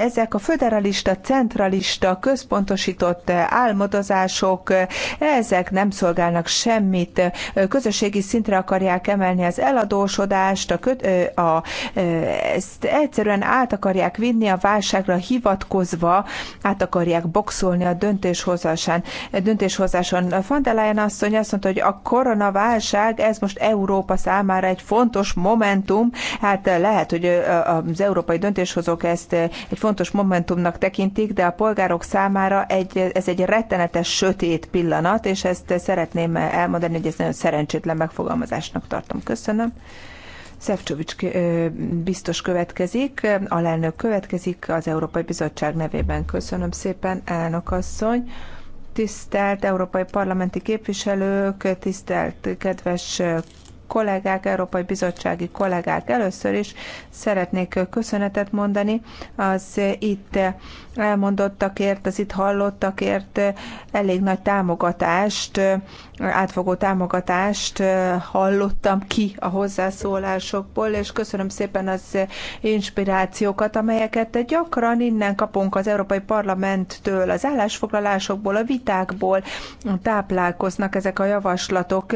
ezek a föderalista, centralista, központosított álmodozások, ezek nem szolgálnak semmit. Közösségi szintre akarják emelni az eladósodást, a, e, a, e, ezt egyszerűen át akarják vinni a válságra hivatkozva át akarják boxolni a döntéshozásán. döntéshozáson. Van der Leyen asszony azt mondta, hogy a koronaválság, ez most Európa számára egy fontos momentum, hát lehet, hogy az európai döntéshozók ezt egy fontos momentumnak tekintik, de a polgárok számára egy, ez egy rettenetes sötét pillanat, és ezt szeretném elmondani, hogy ez nagyon szerencsétlen megfogalmazásnak tartom. Köszönöm. Szefcsovics biztos következik, alelnök következik az Európai Bizottság nevében. Köszönöm szépen, elnök asszony. Tisztelt Európai Parlamenti képviselők, tisztelt kedves kollégák, Európai Bizottsági kollégák. Először is szeretnék köszönetet mondani az itt elmondottakért, az itt hallottakért elég nagy támogatást, átfogó támogatást hallottam ki a hozzászólásokból, és köszönöm szépen az inspirációkat, amelyeket gyakran innen kapunk az Európai Parlamenttől, az állásfoglalásokból, a vitákból táplálkoznak ezek a javaslatok,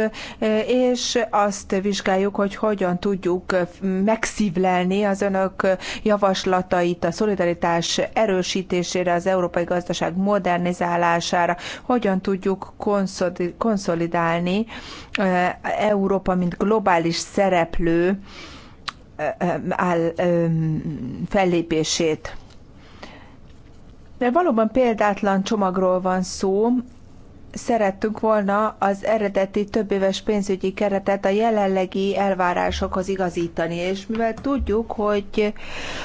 és azt vizsgáljuk, hogy hogyan tudjuk megszívlelni az önök javaslatait, a szolidaritás erősítését, erősítésére, az európai gazdaság modernizálására, hogyan tudjuk konszolidálni eh, Európa, mint globális szereplő eh, eh, fellépését. De valóban példátlan csomagról van szó, szerettünk volna az eredeti több éves pénzügyi keretet a jelenlegi elvárásokhoz igazítani, és mivel tudjuk, hogy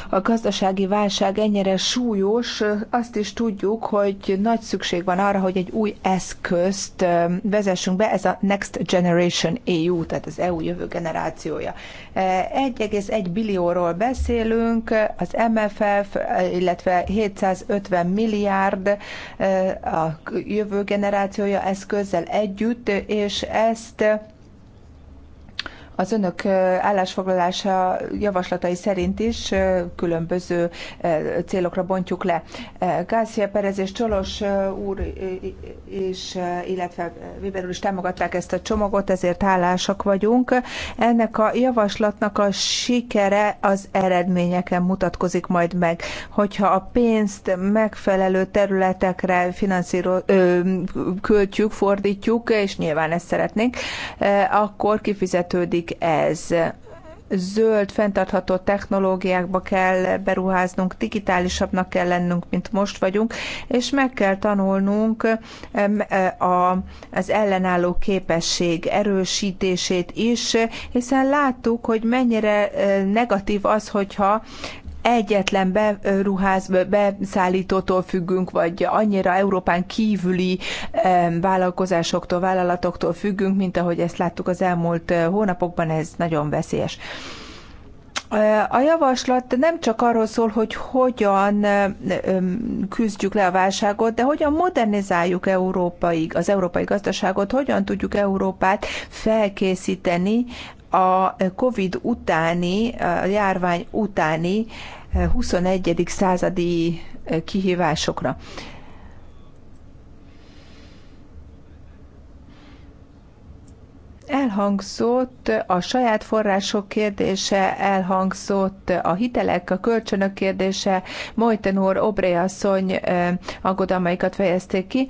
a gazdasági válság ennyire súlyos, azt is tudjuk, hogy nagy szükség van arra, hogy egy új eszközt vezessünk be, ez a Next Generation EU, tehát az EU jövő generációja. 1,1 billióról beszélünk, az MFF, illetve 750 milliárd eh, a jövő generációja eszközzel együtt, és ezt az önök állásfoglalása javaslatai szerint is különböző célokra bontjuk le. Gászia Perez és Csolos úr is, illetve Weber úr is támogatták ezt a csomagot, ezért hálásak vagyunk. Ennek a javaslatnak a sikere az eredményeken mutatkozik majd meg. Hogyha a pénzt megfelelő területekre finanszíro, ö, költjük, fordítjuk, és nyilván ezt szeretnénk, akkor kifizetődik ez. Zöld, fenntartható technológiákba kell beruháznunk, digitálisabbnak kell lennünk, mint most vagyunk, és meg kell tanulnunk e, az ellenálló képesség erősítését is, hiszen láttuk, hogy mennyire e, negatív az, hogyha egyetlen beruház, beszállítótól függünk, vagy annyira Európán kívüli vállalkozásoktól, vállalatoktól függünk, mint ahogy ezt láttuk az elmúlt eh, hónapokban, ez nagyon veszélyes. Eh, a javaslat nem csak arról szól, hogy hogyan eh, küzdjük le a válságot, de hogyan modernizáljuk európai, az európai gazdaságot, hogyan tudjuk Európát felkészíteni a COVID utáni, a járvány utáni eh, 21. századi eh, kihívásokra. Elhangzott a saját források kérdése, elhangzott a hitelek, a kölcsönök kérdése, Mojten úr, Obré asszony aggodalmaikat fejezték ki.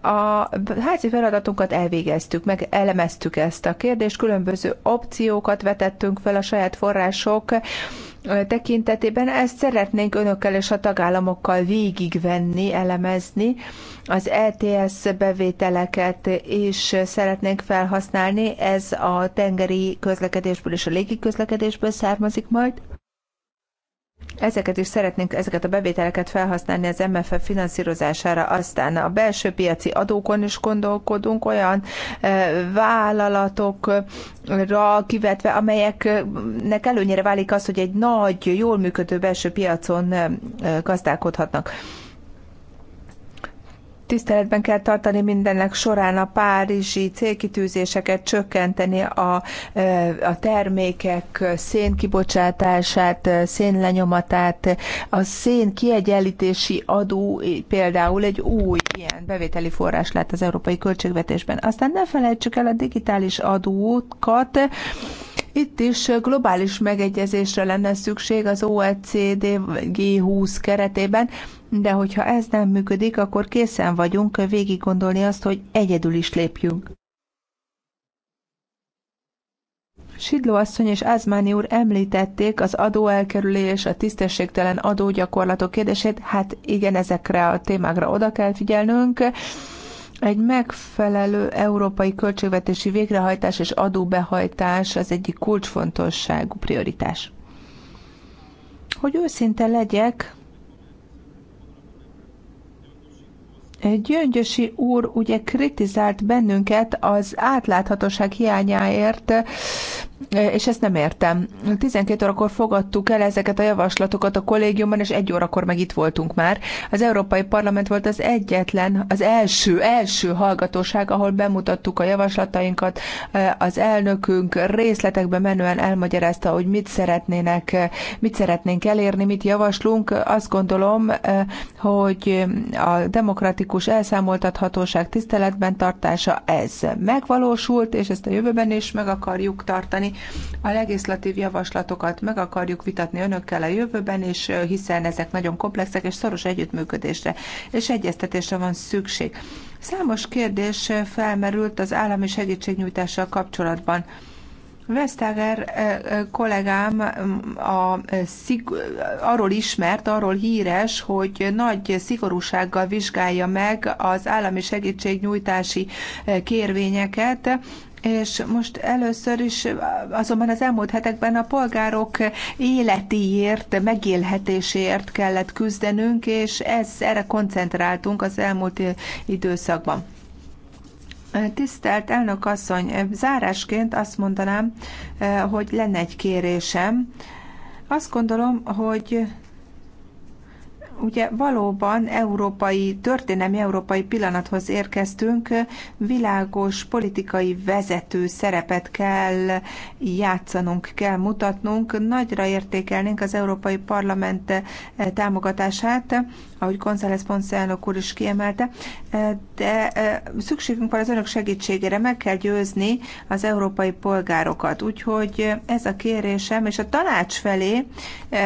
A házi feladatunkat elvégeztük, meg elemeztük ezt a kérdést, különböző opciókat vetettünk fel a saját források tekintetében. Ezt szeretnénk önökkel és a tagállamokkal végigvenni, elemezni, az ETS bevételeket is szeretnénk felhasználni, ez a tengeri közlekedésből és a légi közlekedésből származik majd. Ezeket is szeretnénk, ezeket a bevételeket felhasználni az MFF finanszírozására, aztán a belső piaci adókon is gondolkodunk, olyan e, vállalatokra kivetve, amelyeknek előnyére válik az, hogy egy nagy, jól működő belső piacon e, gazdálkodhatnak tiszteletben kell tartani mindennek során a párizsi célkitűzéseket, csökkenteni a, a termékek szénkibocsátását, szénlenyomatát, a szén kiegyenlítési adó például egy új ilyen bevételi forrás lett az európai költségvetésben. Aztán ne felejtsük el a digitális adókat, itt is globális megegyezésre lenne szükség az OECD G20 keretében, de hogyha ez nem működik, akkor készen vagyunk végig gondolni azt, hogy egyedül is lépjünk. Sidló asszony és Ázmáni úr említették az adóelkerülés, a tisztességtelen adógyakorlatok kérdését. Hát igen, ezekre a témákra oda kell figyelnünk. Egy megfelelő európai költségvetési végrehajtás és adóbehajtás az egyik kulcsfontosságú prioritás. Hogy őszinte legyek, Gyöngyösi úr ugye kritizált bennünket az átláthatóság hiányáért, és ezt nem értem. 12 órakor fogadtuk el ezeket a javaslatokat a kollégiumban, és egy órakor meg itt voltunk már. Az Európai Parlament volt az egyetlen, az első, első hallgatóság, ahol bemutattuk a javaslatainkat. Az elnökünk részletekbe menően elmagyarázta, hogy mit szeretnének, mit szeretnénk elérni, mit javaslunk. Azt gondolom, hogy a demokratikus elszámoltathatóság tiszteletben tartása ez megvalósult, és ezt a jövőben is meg akarjuk tartani tenni. A legislatív javaslatokat meg akarjuk vitatni önökkel a jövőben, és hiszen ezek nagyon komplexek, és szoros együttműködésre és egyeztetésre van szükség. Számos kérdés felmerült az állami segítségnyújtással kapcsolatban. Vesztager eh, eh, kollégám mm, a, eh, szig, arról ismert, arról híres, hogy nagy szigorúsággal vizsgálja meg az állami segítségnyújtási kérvényeket, és most először is azonban az elmúlt hetekben a polgárok életiért, megélhetéséért kellett küzdenünk, és ez, erre koncentráltunk az elmúlt időszakban. Tisztelt elnök asszony, zárásként azt mondanám, hogy lenne egy kérésem. Azt gondolom, hogy ugye valóban európai, történelmi európai pillanathoz érkeztünk, világos politikai vezető szerepet kell játszanunk, kell mutatnunk. Nagyra értékelnénk az Európai Parlament eh, támogatását ahogy González Ponce elnök úr is kiemelte, eh, de eh, szükségünk van az önök segítségére, meg kell győzni az európai polgárokat. Úgyhogy eh, ez a kérésem, és a tanács felé,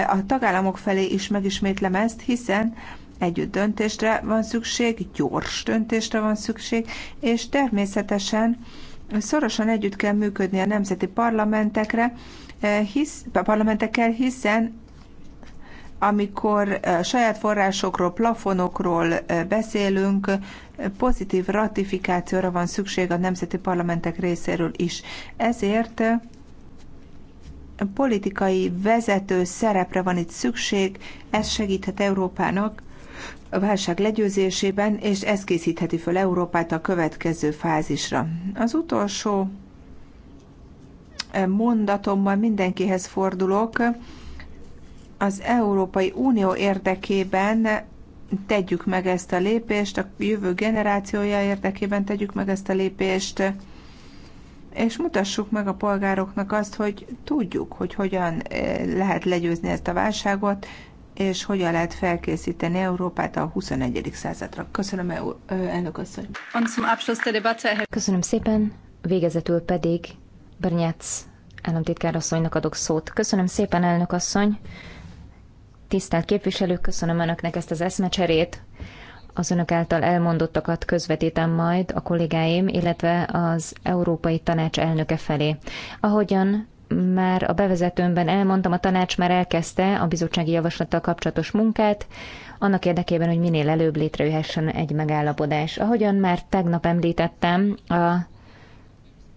a tagállamok felé is megismétlem ezt, hiszen együtt döntésre van szükség, gyors döntésre van szükség, és természetesen szorosan együtt kell működni a nemzeti parlamentekre, hisz, a parlamentekkel, hiszen amikor eh, saját forrásokról, plafonokról eh, beszélünk, eh, pozitív ratifikációra van szükség a nemzeti parlamentek részéről is. Ezért politikai vezető szerepre van itt szükség, ez segíthet Európának a válság legyőzésében, és ez készítheti föl Európát a következő fázisra. Az utolsó mondatommal mindenkihez fordulok, az Európai Unió érdekében tegyük meg ezt a lépést, a jövő generációja érdekében tegyük meg ezt a lépést, és mutassuk meg a polgároknak azt, hogy tudjuk, hogy hogyan eh, lehet legyőzni ezt a válságot, és hogyan lehet felkészíteni Európát a 21. századra. Köszönöm, e- elnök asszony. Köszönöm szépen, végezetül pedig Brnyac államtitkár asszonynak adok szót. Köszönöm szépen, elnök asszony. Tisztelt képviselők, köszönöm Önöknek ezt az eszmecserét. Az Önök által elmondottakat közvetítem majd a kollégáim, illetve az Európai Tanács elnöke felé. Ahogyan már a bevezetőmben elmondtam, a tanács már elkezdte a bizottsági javaslattal kapcsolatos munkát, annak érdekében, hogy minél előbb létrejöhessen egy megállapodás. Ahogyan már tegnap említettem, a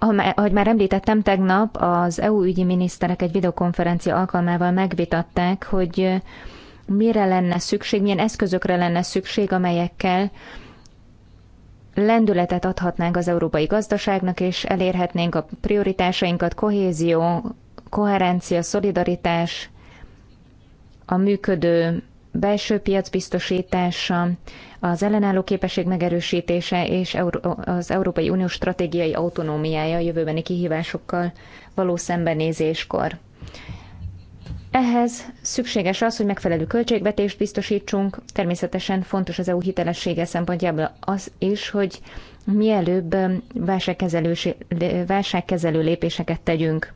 Ah, ahogy már említettem, tegnap az EU ügyi miniszterek egy videokonferencia alkalmával megvitatták, hogy mire lenne szükség, milyen eszközökre lenne szükség, amelyekkel lendületet adhatnánk az európai gazdaságnak, és elérhetnénk a prioritásainkat, kohézió, koherencia, szolidaritás, a működő belső piac biztosítása, az ellenálló képesség megerősítése és az Európai Unió stratégiai autonómiája a jövőbeni kihívásokkal való szembenézéskor. Ehhez szükséges az, hogy megfelelő költségvetést biztosítsunk, természetesen fontos az EU hitelessége szempontjából az is, hogy mielőbb um, válságkezelő, lépéseket tegyünk.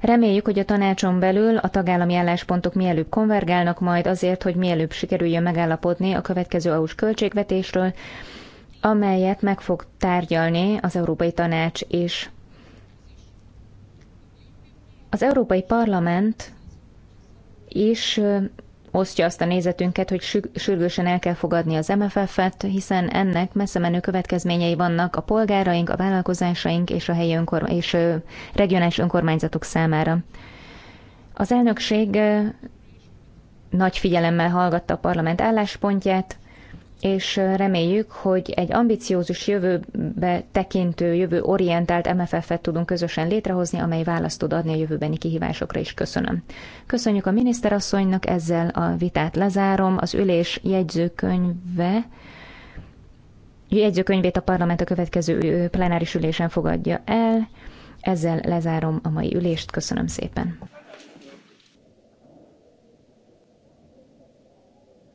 Reméljük, hogy a tanácson belül a tagállami álláspontok mielőbb konvergálnak majd azért, hogy mielőbb sikerüljön megállapodni a következő EU-s költségvetésről, amelyet meg fog tárgyalni az Európai Tanács is. Az Európai Parlament is osztja azt a nézetünket, hogy sürgősen el kell fogadni az MFF-et, hiszen ennek messze menő következményei vannak a polgáraink, a vállalkozásaink és a helyi önkor- és regionális önkormányzatok számára. Az elnökség nagy figyelemmel hallgatta a parlament álláspontját, és reméljük, hogy egy ambiciózus jövőbe tekintő, jövő orientált MFF-et tudunk közösen létrehozni, amely választ tud adni a jövőbeni kihívásokra is. Köszönöm. Köszönjük a miniszterasszonynak, ezzel a vitát lezárom. Az ülés jegyzőkönyve jegyzőkönyvét a parlament a következő plenáris ülésen fogadja el. Ezzel lezárom a mai ülést. Köszönöm szépen.